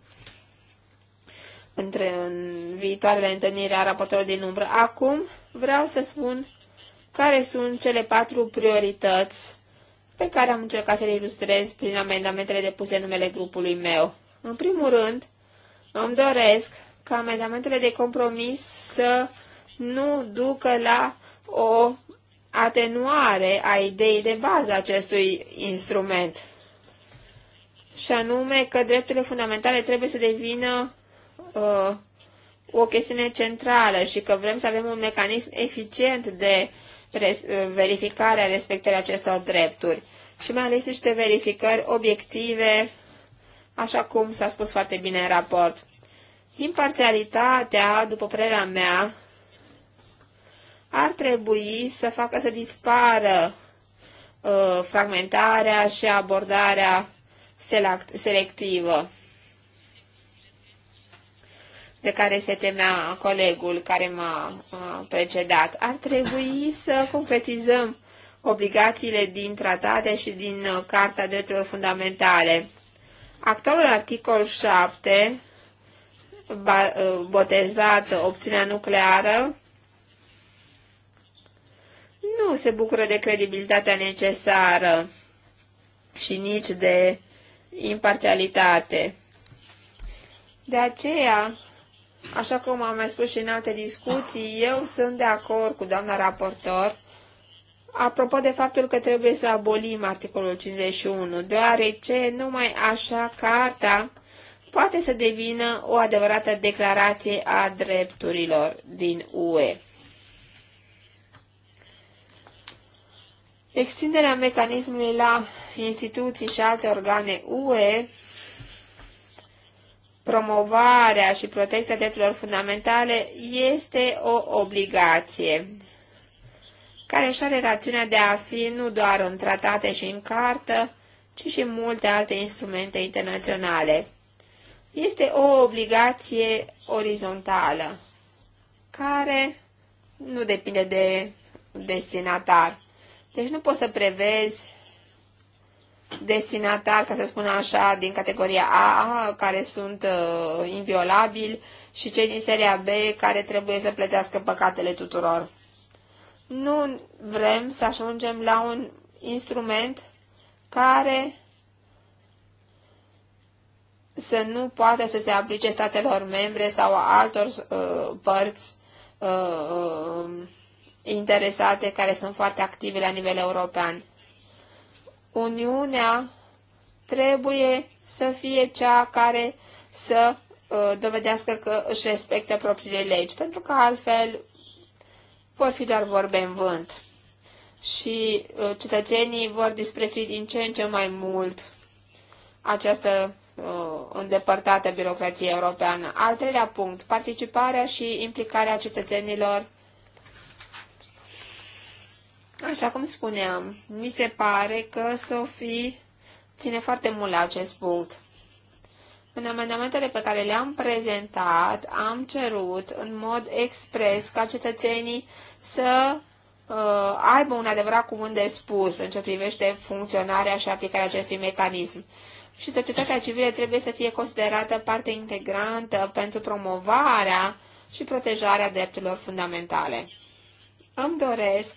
între în viitoarele întâlniri a raportorului din umbră. Acum vreau să spun care sunt cele patru priorități pe care am încercat să le ilustrez prin amendamentele depuse în numele grupului meu. În primul rând, îmi doresc ca amendamentele de compromis să nu ducă la o atenuare a ideii de bază acestui instrument, și anume că drepturile fundamentale trebuie să devină uh, o chestiune centrală și că vrem să avem un mecanism eficient de verificare a respectării acestor drepturi și mai ales niște verificări obiective, așa cum s-a spus foarte bine în raport. Imparțialitatea, după părerea mea, ar trebui să facă să dispară uh, fragmentarea și abordarea selectivă de care se temea colegul care m-a precedat. Ar trebui să concretizăm obligațiile din tratate și din uh, Carta Drepturilor Fundamentale. Actualul articol 7, uh, botezat opțiunea nucleară, nu se bucură de credibilitatea necesară și nici de imparțialitate. De aceea, Așa cum am mai spus și în alte discuții, eu sunt de acord cu doamna raportor apropo de faptul că trebuie să abolim articolul 51, deoarece numai așa carta poate să devină o adevărată declarație a drepturilor din UE. Extinderea mecanismului la instituții și alte organe UE promovarea și protecția drepturilor fundamentale este o obligație care își are rațiunea de a fi nu doar în tratate și în cartă, ci și în multe alte instrumente internaționale. Este o obligație orizontală, care nu depinde de destinatar. Deci nu poți să prevezi destinatar, ca să spun așa, din categoria A, care sunt uh, inviolabili, și cei din seria B, care trebuie să plătească păcatele tuturor. Nu vrem să ajungem la un instrument care să nu poată să se aplice statelor membre sau altor uh, părți uh, uh interesate care sunt foarte active la nivel european. Uniunea trebuie să fie cea care să uh, dovedească că își respectă propriile legi, pentru că altfel vor fi doar vorbe în vânt și uh, cetățenii vor disprețui din ce în ce mai mult această uh, îndepărtată birocrație europeană. Al treilea punct, participarea și implicarea cetățenilor Așa cum spuneam, mi se pare că Sophie ține foarte mult la acest punct. În amendamentele pe care le-am prezentat, am cerut în mod expres ca cetățenii să uh, aibă un adevărat cuvânt de spus în ce privește funcționarea și aplicarea acestui mecanism. Și societatea civilă trebuie să fie considerată parte integrantă pentru promovarea și protejarea drepturilor fundamentale. Îmi doresc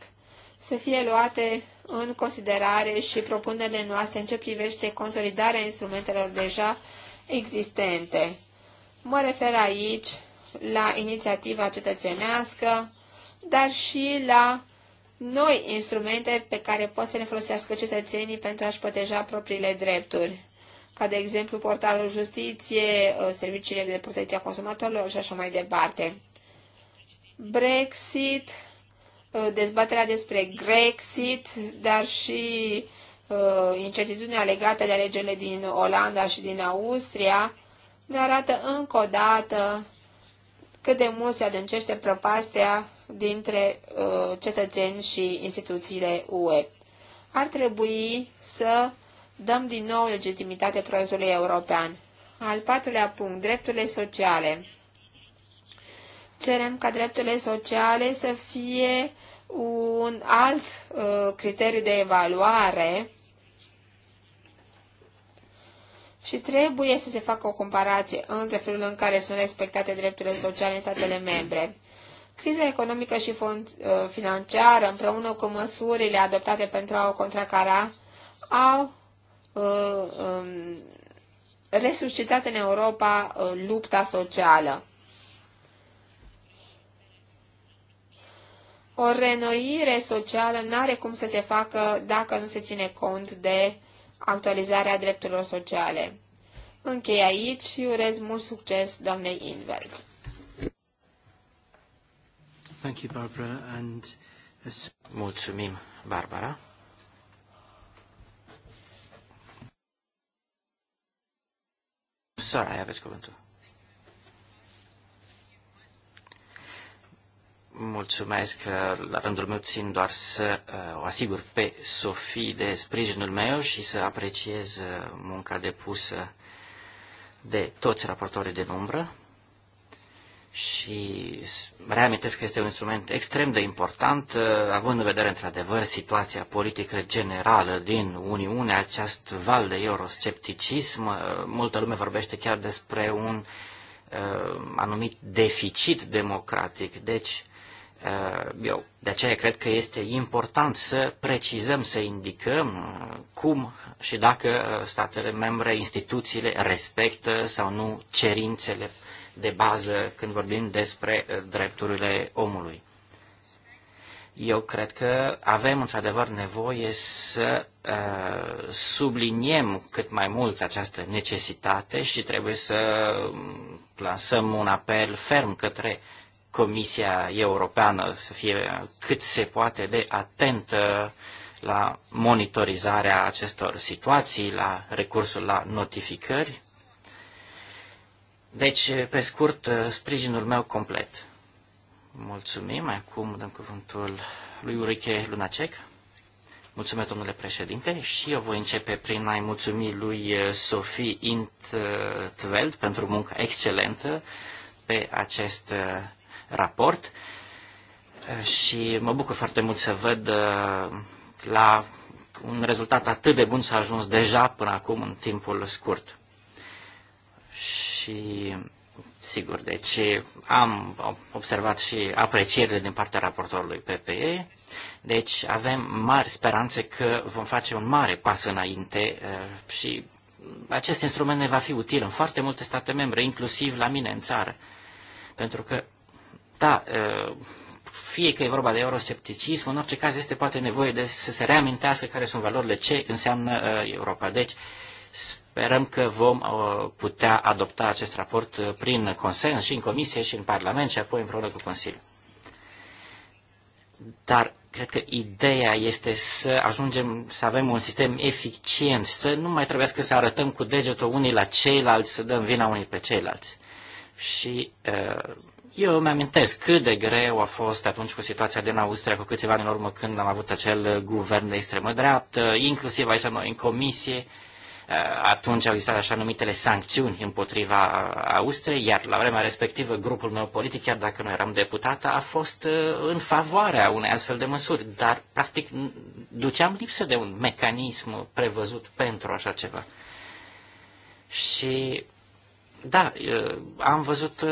să fie luate în considerare și propunerile noastre în ce privește consolidarea instrumentelor deja existente. Mă refer aici la inițiativa cetățenească, dar și la noi instrumente pe care pot să le folosească cetățenii pentru a-și proteja propriile drepturi, ca de exemplu portalul justiție, ă, serviciile de protecție a consumatorilor și așa mai departe. Brexit Uh, dezbaterea despre Brexit, dar și uh, incertitudinea legată de alegerile din Olanda și din Austria, ne arată încă o dată cât de mult se adâncește prăpastea dintre uh, cetățeni și instituțiile UE. Ar trebui să dăm din nou legitimitate proiectului european. Al patrulea punct, drepturile sociale cerem ca drepturile sociale să fie un alt uh, criteriu de evaluare și trebuie să se facă o comparație între felul în care sunt respectate drepturile sociale în statele membre. Criza economică și uh, financiară, împreună cu măsurile adoptate pentru a o contracara, au uh, um, resuscitat în Europa uh, lupta socială. O renoire socială nu are cum să se facă dacă nu se ține cont de actualizarea drepturilor sociale. Închei aici și urez mult succes doamnei Invert. Thank you, Barbara, and... Uh, Mulțumim, Barbara. Sora, aveți cuvântul. Mulțumesc. La rândul meu țin doar să uh, o asigur pe Sofie de sprijinul meu și să apreciez uh, munca depusă de toți raportorii de umbră și reamintesc că este un instrument extrem de important, uh, având în vedere într-adevăr situația politică generală din Uniune, acest val de euroscepticism, multă lume vorbește chiar despre un uh, anumit deficit democratic. Deci, Uh, eu de aceea cred că este important să precizăm, să indicăm uh, cum și dacă uh, statele membre, instituțiile respectă sau nu cerințele de bază când vorbim despre drepturile omului. Eu cred că avem într-adevăr nevoie să uh, subliniem cât mai mult această necesitate și trebuie să lansăm un apel ferm către uh, Comisia Europeană să fie cât se poate de atentă la monitorizarea acestor situații, la recursul la notificări. Deci, pe scurt, sprijinul meu complet. Mulțumim. Acum dăm cuvântul lui Uriche Lunacek. Mulțumesc, domnule președinte, și eu voi începe prin a-i mulțumi lui uh, Sophie Intveld pentru munca excelentă pe acest uh, raport și mă bucur foarte mult să văd uh, la un rezultat atât de bun s-a ajuns deja până acum în timpul scurt. Și sigur, deci am observat și aprecierile din partea raportorului PPE, deci avem mari speranțe că vom face un mare pas înainte uh, și acest instrument ne va fi util în foarte multe state membre, inclusiv la mine în țară. Pentru că da, uh, fie că e vorba de euroscepticism, în orice caz este poate nevoie de să se reamintească care sunt valorile, ce înseamnă uh, Europa. Deci, Sperăm că vom uh, putea adopta acest raport prin consens și în Comisie și în Parlament și apoi împreună cu Consiliul. Dar cred că ideea este să ajungem să avem un sistem eficient, să nu mai trebuiască să arătăm cu degetul unii la ceilalți, să dăm vina unii pe ceilalți. Și uh, eu îmi amintesc cât de greu a fost atunci cu situația din Austria cu câțiva ani în urmă când am avut acel guvern de extremă dreaptă, inclusiv aici noi în comisie, eh, atunci au existat așa numitele sancțiuni împotriva Austriei, iar la vremea respectivă grupul meu politic, chiar dacă nu eram deputat, a fost eh, în favoarea unei astfel de măsuri, dar practic duceam lipsă de un mecanism prevăzut pentru așa ceva. Și da, am văzut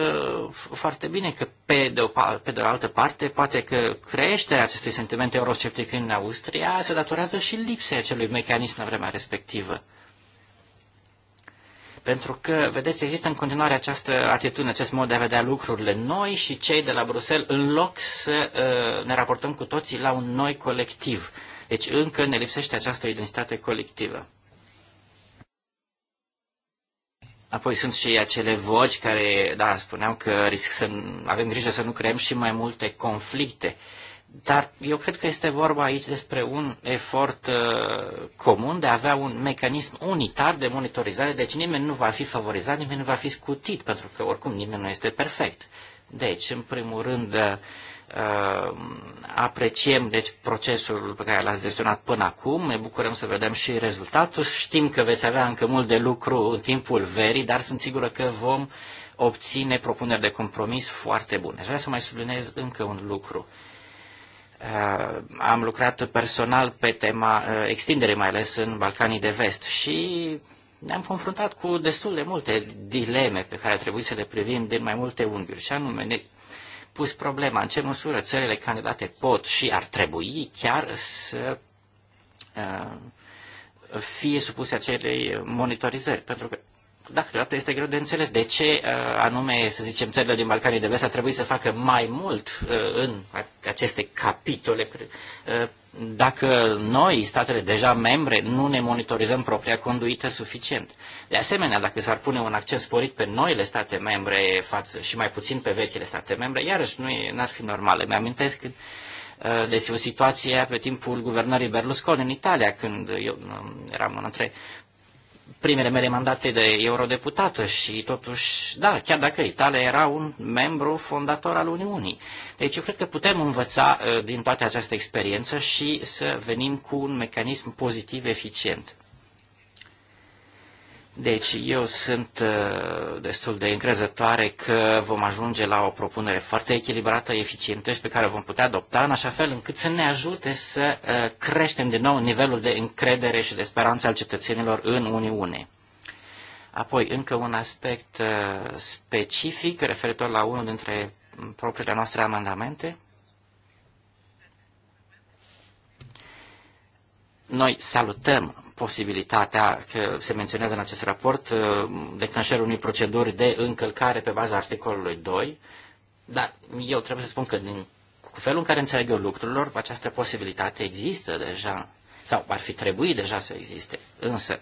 foarte bine că pe de, o, pe de o altă parte, poate că creșterea acestui sentiment eurosceptic în Austria se datorează și lipsei acelui mecanism la vremea respectivă. Pentru că, vedeți, există în continuare această atitudine, acest mod de a vedea lucrurile. Noi și cei de la Bruxelles, în loc să uh, ne raportăm cu toții la un noi colectiv. Deci încă ne lipsește această identitate colectivă. Apoi sunt și acele voci care, da, spuneam că risc să, avem grijă să nu creăm și mai multe conflicte. Dar eu cred că este vorba aici despre un efort uh, comun de a avea un mecanism unitar de monitorizare, deci nimeni nu va fi favorizat, nimeni nu va fi scutit, pentru că oricum nimeni nu este perfect. Deci, în primul rând, uh, Uh, apreciem deci, procesul pe care l-ați gestionat până acum, ne bucurăm să vedem și rezultatul. Știm că veți avea încă mult de lucru în timpul verii, dar sunt sigură că vom obține propuneri de compromis foarte bune. Vreau să mai subliniez încă un lucru. Uh, am lucrat personal pe tema uh, extindere, mai ales în Balcanii de Vest și ne-am confruntat cu destul de multe dileme pe care trebuie să le privim din mai multe unghiuri, și anume pus problema în ce măsură țările candidate pot și ar trebui chiar să uh, fie supuse acelei monitorizări, pentru că da, câteodată este greu de înțeles de ce uh, anume, să zicem, țările din Balcanii de Vest ar trebui să facă mai mult uh, în aceste capitole, uh, dacă noi, statele deja membre, nu ne monitorizăm propria conduită suficient. De asemenea, dacă s-ar pune un acces sporit pe noile state membre față și mai puțin pe vechile state membre, iarăși nu e, n-ar fi normal. Îmi amintesc când o situație, pe timpul guvernării Berlusconi în Italia, când eu um, eram între primele mele mandate de eurodeputată și totuși, da, chiar dacă Italia era un membru fondator al Uniunii. Deci eu cred că putem învăța uh, din toată această experiență și să venim cu un mecanism pozitiv eficient. Deci eu sunt uh, destul de încrezătoare că vom ajunge la o propunere foarte echilibrată, eficientă și pe care o vom putea adopta în așa fel încât să ne ajute să uh, creștem din nou nivelul de încredere și de speranță al cetățenilor în Uniune. Apoi, încă un aspect uh, specific referitor la unul dintre propriile noastre amendamente, Noi salutăm posibilitatea, că se menționează în acest raport, uh, declanșarea unei proceduri de încălcare pe baza articolului 2, dar eu trebuie să spun că din cu felul în care înțeleg eu lucrurilor, această posibilitate există deja, sau ar fi trebuit deja să existe. Însă,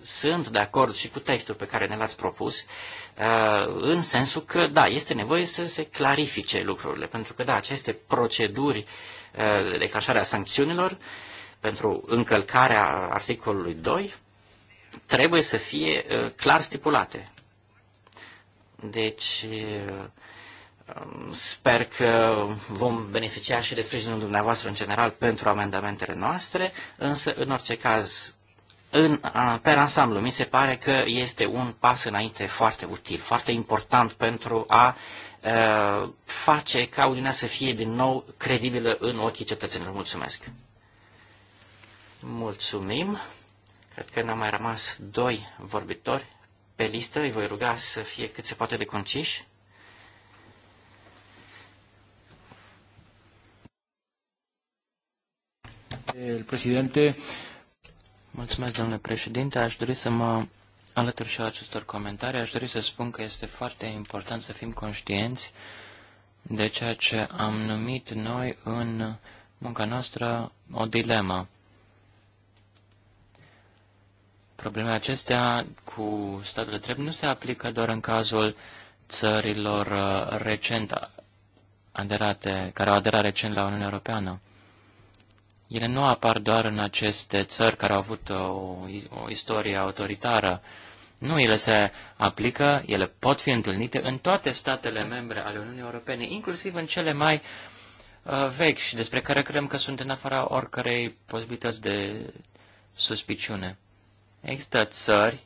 sunt de acord și cu textul pe care ne l-ați propus, uh, în sensul că, da, este nevoie să se clarifice lucrurile, pentru că, da, aceste proceduri uh, de declanșare a sancțiunilor pentru încălcarea articolului 2 trebuie să fie uh, clar stipulate. Deci, uh, Sper că vom beneficia și de sprijinul dumneavoastră în general pentru amendamentele noastre, însă, în orice caz, în, pe ansamblu, mi se pare că este un pas înainte foarte util, foarte important pentru a uh, face ca Uniunea să fie din nou credibilă în ochii cetățenilor. Mulțumesc! Mulțumim. Cred că n au mai rămas doi vorbitori pe listă. Îi voi ruga să fie cât se poate de conciși. El președinte. Mulțumesc, domnule președinte. Aș dori să mă alătur și acestor comentarii. Aș dori să spun că este foarte important să fim conștienți de ceea ce am numit noi în munca noastră o dilemă. Problemele acestea cu statul de drept nu se aplică doar în cazul țărilor uh, recent aderate, care au aderat recent la Uniunea Europeană. Ele nu apar doar în aceste țări care au avut uh, o, o istorie autoritară. Nu, ele se aplică, ele pot fi întâlnite în toate statele membre ale Uniunii Europene, inclusiv în cele mai uh, vechi și despre care credem că sunt în afara oricărei posibilități de suspiciune. Există țări,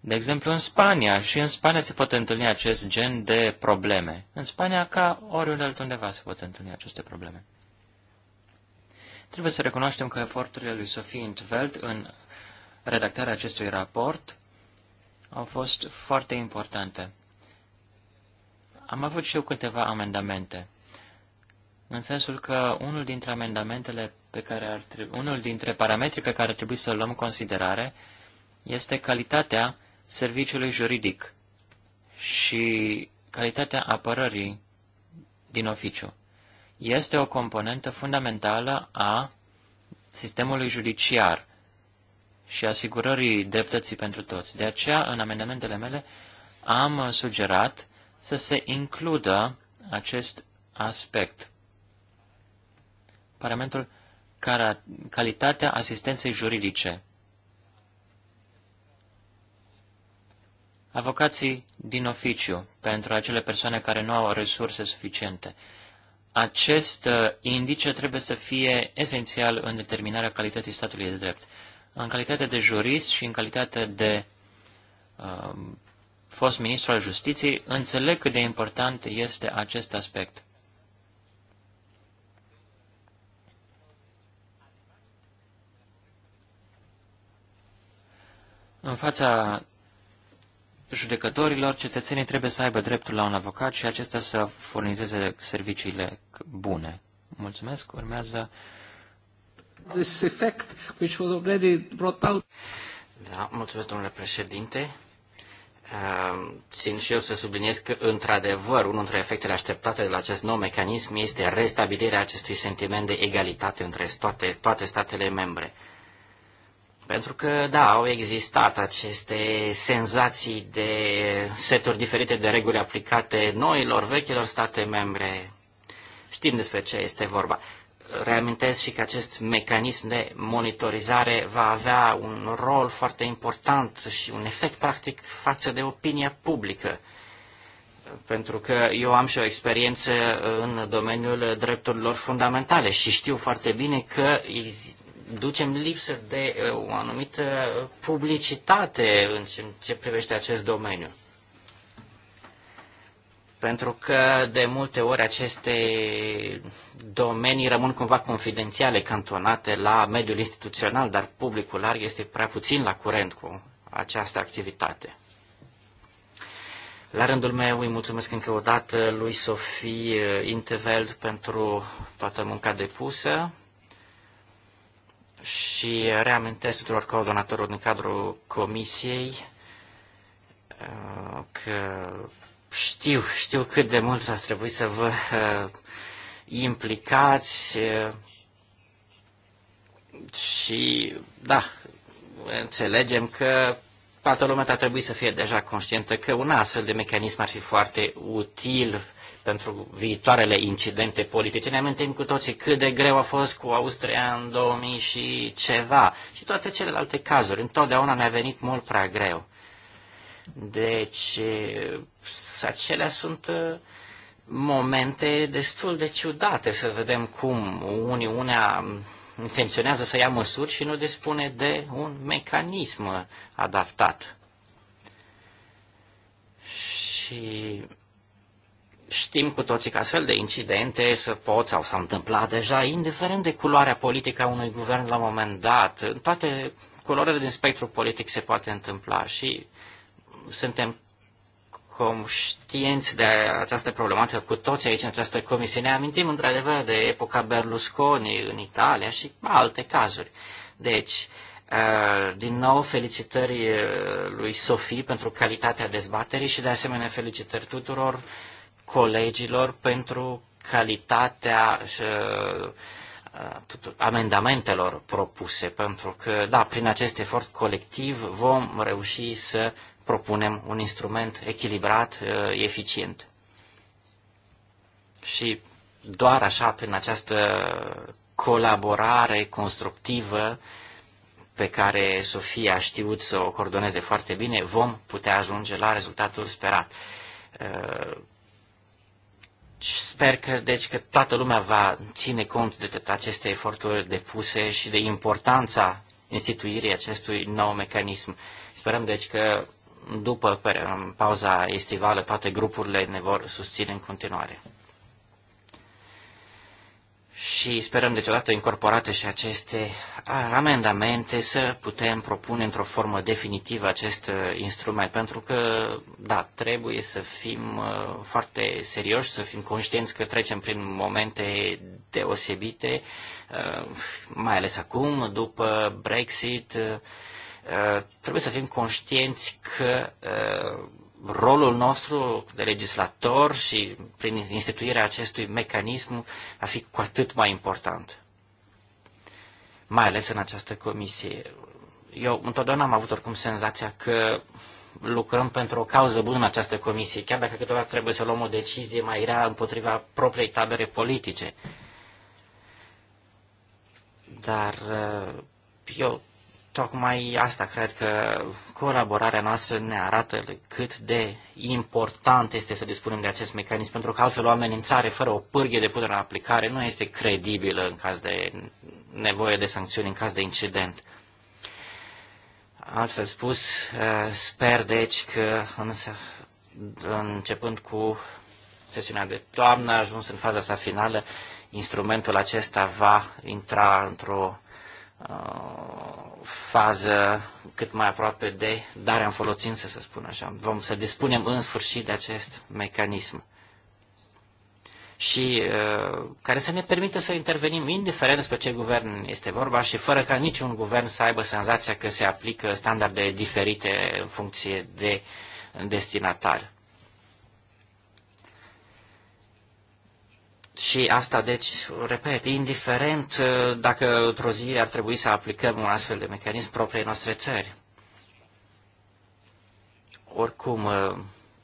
de exemplu în Spania, și în Spania se pot întâlni acest gen de probleme. În Spania, ca oriunde altundeva, se pot întâlni aceste probleme. Trebuie să recunoaștem că eforturile lui Sofie Intveld în redactarea acestui raport au fost foarte importante. Am avut și eu câteva amendamente în sensul că unul dintre amendamentele pe care ar trebui, unul dintre parametrii pe care ar trebui să-l luăm în considerare este calitatea serviciului juridic și calitatea apărării din oficiu. Este o componentă fundamentală a sistemului judiciar și asigurării dreptății pentru toți. De aceea, în amendamentele mele, am sugerat să se includă acest aspect parametrul calitatea asistenței juridice. Avocații din oficiu pentru acele persoane care nu au resurse suficiente. Acest uh, indice trebuie să fie esențial în determinarea calității statului de drept. În calitate de jurist și în calitate de uh, fost ministru al justiției, înțeleg cât de important este acest aspect. În fața judecătorilor, cetățenii trebuie să aibă dreptul la un avocat și acesta să furnizeze serviciile bune. Mulțumesc. Urmează this effect which was already brought out. Da, mulțumesc, domnule președinte. Ehm, țin și eu să subliniez că, într-adevăr, unul dintre efectele așteptate de la acest nou mecanism este restabilirea acestui sentiment de egalitate între toate, toate statele membre. Pentru că, da, au existat aceste senzații de seturi diferite de reguli aplicate noilor, vechilor state membre. Știm despre ce este vorba. Reamintesc și că acest mecanism de monitorizare va avea un rol foarte important și un efect practic față de opinia publică pentru că eu am și o experiență în domeniul drepturilor fundamentale și știu foarte bine că ducem lipsă de uh, o anumită publicitate în ce privește acest domeniu. Pentru că de multe ori aceste domenii rămân cumva confidențiale, cantonate la mediul instituțional, dar publicul larg este prea puțin la curent cu această activitate. La rândul meu îi mulțumesc încă o dată lui Sofie Interveld pentru toată munca depusă și reamintesc tuturor coordonatorilor din cadrul comisiei uh, că știu, știu cât de mult ați trebuit să vă uh, implicați uh, și da, înțelegem că toată lumea ar trebui să fie deja conștientă că un astfel de mecanism ar fi foarte util pentru viitoarele incidente politice. Ne amintim cu toții cât de greu a fost cu Austria în 2000 și ceva și toate celelalte cazuri. Întotdeauna ne-a venit mult prea greu. Deci, acelea sunt uh, momente destul de ciudate să vedem cum unii unea intenționează să ia măsuri și nu dispune de un mecanism adaptat. Și Știm cu toții că astfel de incidente se pot sau s-au întâmplat deja, indiferent de culoarea politică a unui guvern la un moment dat. În toate culorile din spectru politic se poate întâmpla și suntem conștienți de această problematică cu toți aici în această comisie. Ne amintim într-adevăr de epoca Berlusconi în Italia și alte cazuri. Deci, uh, din nou felicitări uh, lui Sofie pentru calitatea dezbaterii și de asemenea felicitări tuturor colegilor pentru calitatea uh, amendamentelor propuse, pentru că, da, prin acest efort colectiv vom reuși să propunem un instrument echilibrat, uh, eficient. Și doar așa, prin această colaborare constructivă pe care Sofia a știut să o coordoneze foarte bine, vom putea ajunge la rezultatul sperat. Uh, deci, sper că, deci, că toată lumea va ține cont de toate aceste eforturi depuse și de importanța instituirii acestui nou mecanism. Sperăm, deci, că după pauza estivală toate grupurile ne vor susține în continuare și sperăm de odată incorporate și aceste amendamente să putem propune într-o formă definitivă acest uh, instrument, pentru că, da, trebuie să fim uh, foarte serioși, să fim conștienți că trecem prin momente deosebite, uh, mai ales acum, după Brexit, trebuie să fim conștienți că rolul nostru de legislator și prin instituirea acestui mecanism a fi cu atât mai important. Mai ales în această comisie. Eu întotdeauna am avut oricum senzația că lucrăm pentru o cauză bună în această comisie, chiar dacă câteodată trebuie să luăm o decizie mai rea împotriva propriei tabere politice. Dar uh, eu Tocmai asta cred că colaborarea noastră ne arată cât de important este să dispunem de acest mecanism, pentru că altfel o amenințare fără o pârghie de putere în aplicare nu este credibilă în caz de nevoie de sancțiuni, în caz de incident. Altfel spus, eh, sper deci că începând cu sesiunea de toamnă, ajuns în faza sa finală, instrumentul acesta va intra într-o Uh, fază cât mai aproape de darea în folosință, să spun așa. Vom să dispunem în sfârșit de acest mecanism și uh, care să ne permită să intervenim indiferent despre ce guvern este vorba și fără ca niciun guvern să aibă senzația că se aplică standarde diferite în funcție de destinatar. Și asta, deci, repet, indiferent uh, dacă într-o zi ar trebui să aplicăm un astfel de mecanism propriei noastre țări. Oricum, uh,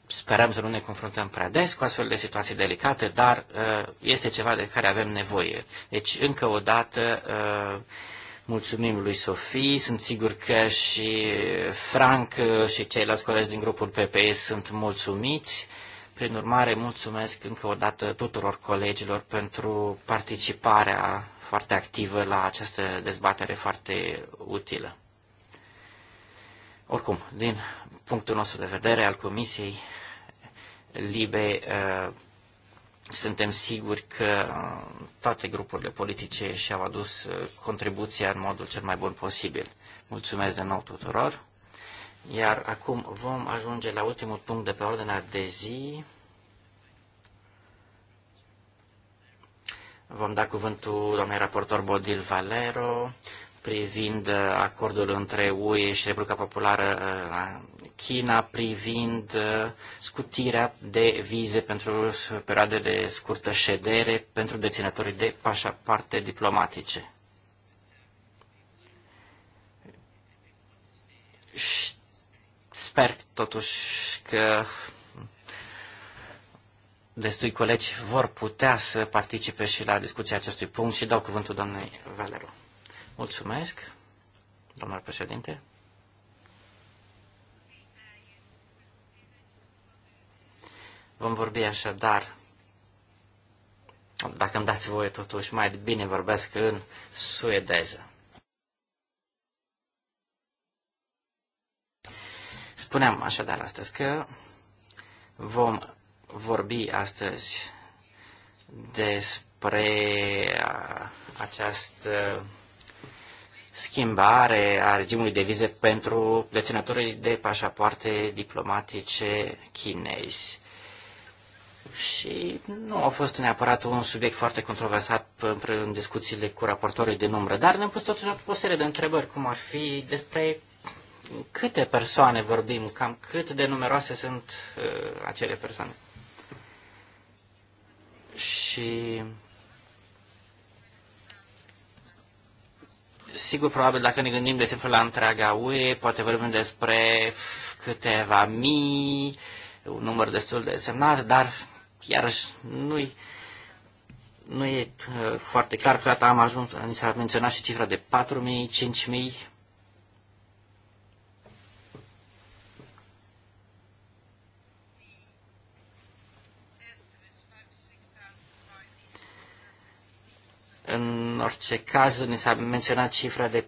sperăm să nu ne confruntăm prea des cu astfel de situații delicate, dar uh, este ceva de care avem nevoie. Deci, încă o dată, mulțumim lui Sofie, sunt sigur că și Frank și ceilalți colegi din grupul PPS sunt mulțumiți. Prin urmare, mulțumesc încă o dată tuturor colegilor pentru participarea foarte activă la această dezbatere foarte utilă. Oricum, din punctul nostru de vedere al Comisiei Libe, uh, suntem siguri că uh, toate grupurile politice și-au adus uh, contribuția în modul cel mai bun posibil. Mulțumesc de nou tuturor! Iar acum vom ajunge la ultimul punct de pe ordinea de zi. Vom da cuvântul doamnei raportor Bodil Valero privind uh, acordul între UE și Republica Populară uh, China privind uh, scutirea de vize pentru perioade de scurtă ședere pentru deținătorii de pașaparte diplomatice. Sper totuși că destui colegi vor putea să participe și la discuția acestui punct și dau cuvântul doamnei Valero. Mulțumesc, domnul președinte. Vom vorbi așadar, dacă îmi dați voie totuși, mai bine vorbesc în suedeză. Spuneam așadar astăzi că vom vorbi astăzi despre această schimbare a regimului de vize pentru deținătorii de pașapoarte diplomatice chinezi. Și nu a fost neapărat un subiect foarte controversat în discuțiile cu raportorii de număr, dar ne-am pus totuși o serie de întrebări, cum ar fi despre câte persoane vorbim, cam cât de numeroase sunt uh, acele persoane. Și sigur, probabil, dacă ne gândim, de exemplu, la întreaga UE, poate vorbim despre câteva mii, un număr destul de semnat, dar iarăși nu-i nu e uh, foarte clar, că am ajuns, ni s-a menționat și cifra de 4.000, 5.000, În orice caz, ne s-a menționat cifra de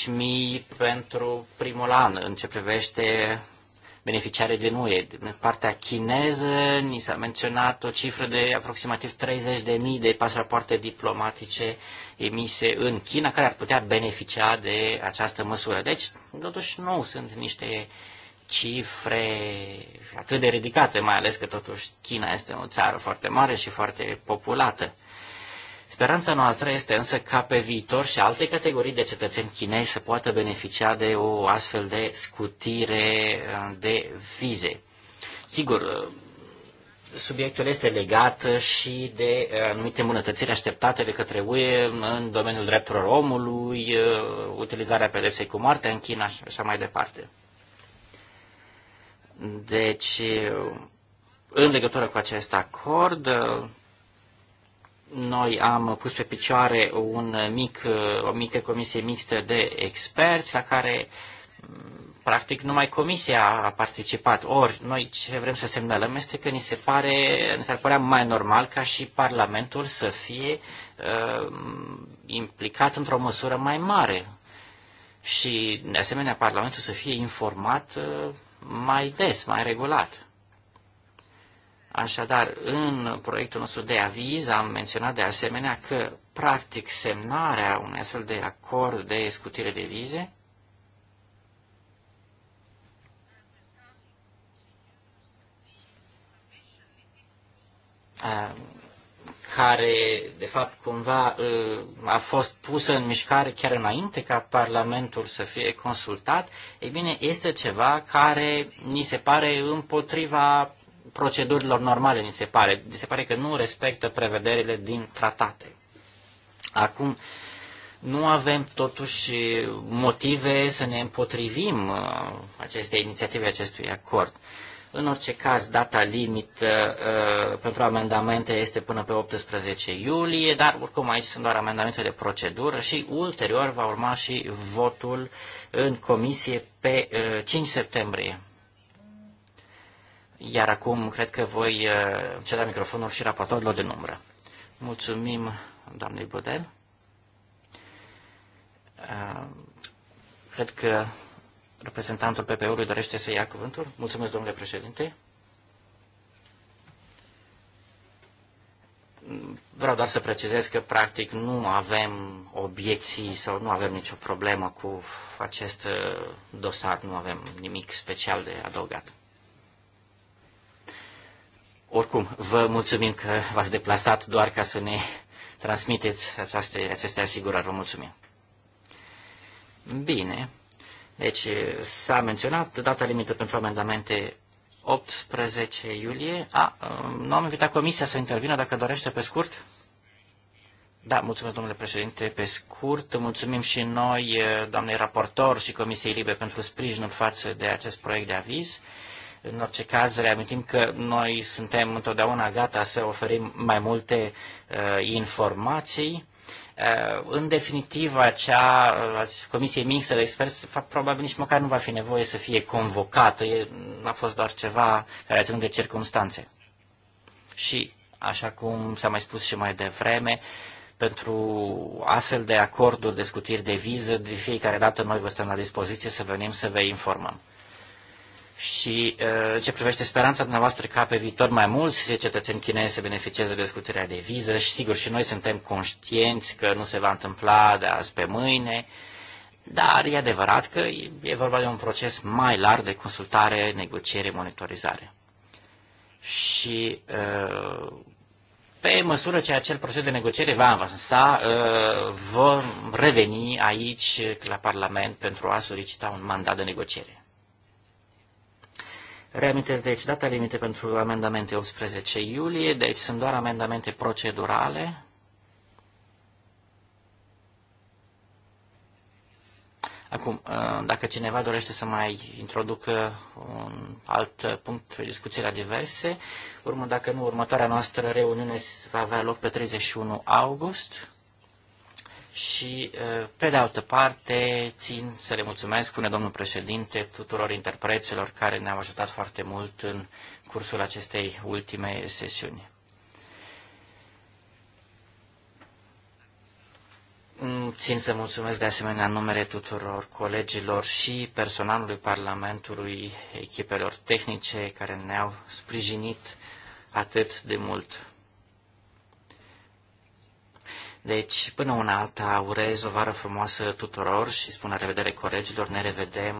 4-5 mii pentru primul an în ce privește beneficiare din UE. Din partea chineză ni s-a menționat o cifră de aproximativ 30.000 de pasapoarte diplomatice emise în China care ar putea beneficia de această măsură. Deci, totuși, nu sunt niște cifre atât de ridicate, mai ales că totuși China este o țară foarte mare și foarte populată. Speranța noastră este însă ca pe viitor și alte categorii de cetățeni chinezi să poată beneficia de o astfel de scutire uh, de vize. Sigur, uh, subiectul este legat și de uh, anumite îmbunătățiri așteptate de către UE în domeniul drepturilor omului, utilizarea pedepsei cu moarte în China și așa mai departe. Deci, în legătură cu acest acord, noi am pus pe picioare un mic, o mică comisie mixtă de experți la care mm, practic numai comisia a participat. Ori, noi ce vrem să semnalăm este că ni se pare, ni s-ar părea mai normal ca și Parlamentul să fie uh, implicat într-o măsură mai mare și, de asemenea, Parlamentul să fie informat uh, mai des, mai regulat. Așadar, în proiectul nostru de aviz am menționat de asemenea că, practic, semnarea unui astfel de acord de scutire de vize care, de fapt, cumva a fost pusă în mișcare chiar înainte ca Parlamentul să fie consultat, e bine, este ceva care ni se pare împotriva procedurilor normale, mi se pare. Mi se pare că nu respectă prevederile din tratate. Acum, nu avem totuși motive să ne împotrivim uh, acestei inițiative, acestui acord. În orice caz, data limit uh, pentru amendamente este până pe 18 iulie, dar oricum aici sunt doar amendamente de procedură și ulterior va urma și votul în comisie pe uh, 5 septembrie. Iar acum cred că voi uh, ceda microfonul și raportorilor de numbră. Mulțumim doamnei Bodel. Uh, cred că reprezentantul PPU-ului dorește să ia cuvântul. Mulțumesc, domnule președinte. Vreau doar să precizez că, practic, nu avem obiecții sau nu avem nicio problemă cu acest uh, dosar, nu avem nimic special de adăugat. Oricum, vă mulțumim că v-ați deplasat doar ca să ne transmiteți aceste, aceste asigurări. Vă mulțumim. Bine. Deci s-a menționat data limită pentru amendamente 18 iulie. A, nu am invitat comisia să intervină dacă dorește pe scurt. Da, mulțumesc, domnule președinte. Pe scurt, mulțumim și noi, doamnei raportor și Comisiei Libe, pentru sprijinul față de acest proiect de aviz. În orice caz, reamintim că noi suntem întotdeauna gata să oferim mai multe uh, informații. Uh, în definitiv, acea uh, comisie mixtă de experți probabil nici măcar nu va fi nevoie să fie convocată, e, a fost doar ceva care ținut de circunstanțe. Și, așa cum s-a mai spus și mai devreme, pentru astfel de acorduri de scutiri de viză, de fiecare dată noi vă stăm la dispoziție să venim să vă informăm și uh, ce privește speranța dumneavoastră ca pe viitor mai mulți cetățeni chinezi să beneficieze de scuterea de viză și sigur și noi suntem conștienți că nu se va întâmpla de azi pe mâine, dar e adevărat că e vorba de un proces mai larg de consultare, negociere, monitorizare. Și uh, pe măsură ce acel proces de negociere va avansa, uh, vom reveni aici la Parlament pentru a solicita un mandat de negociere. Reamintesc, deci, data limită pentru amendamente 18 iulie, deci sunt doar amendamente procedurale. Acum, uh, dacă cineva dorește să mai introducă un alt punct de discuție la diverse, urmă, dacă nu, următoarea noastră reuniune va avea loc pe 31 august și, uh, pe de altă parte, țin să le mulțumesc, spune domnul președinte, tuturor interpreților care ne-au ajutat foarte mult în cursul acestei ultime sesiuni. Țin să mulțumesc de asemenea în numere tuturor colegilor și personalului Parlamentului, echipelor tehnice care ne-au sprijinit atât de mult. Deci, până una alta, urez o vară frumoasă tuturor și spun la revedere colegilor. Ne revedem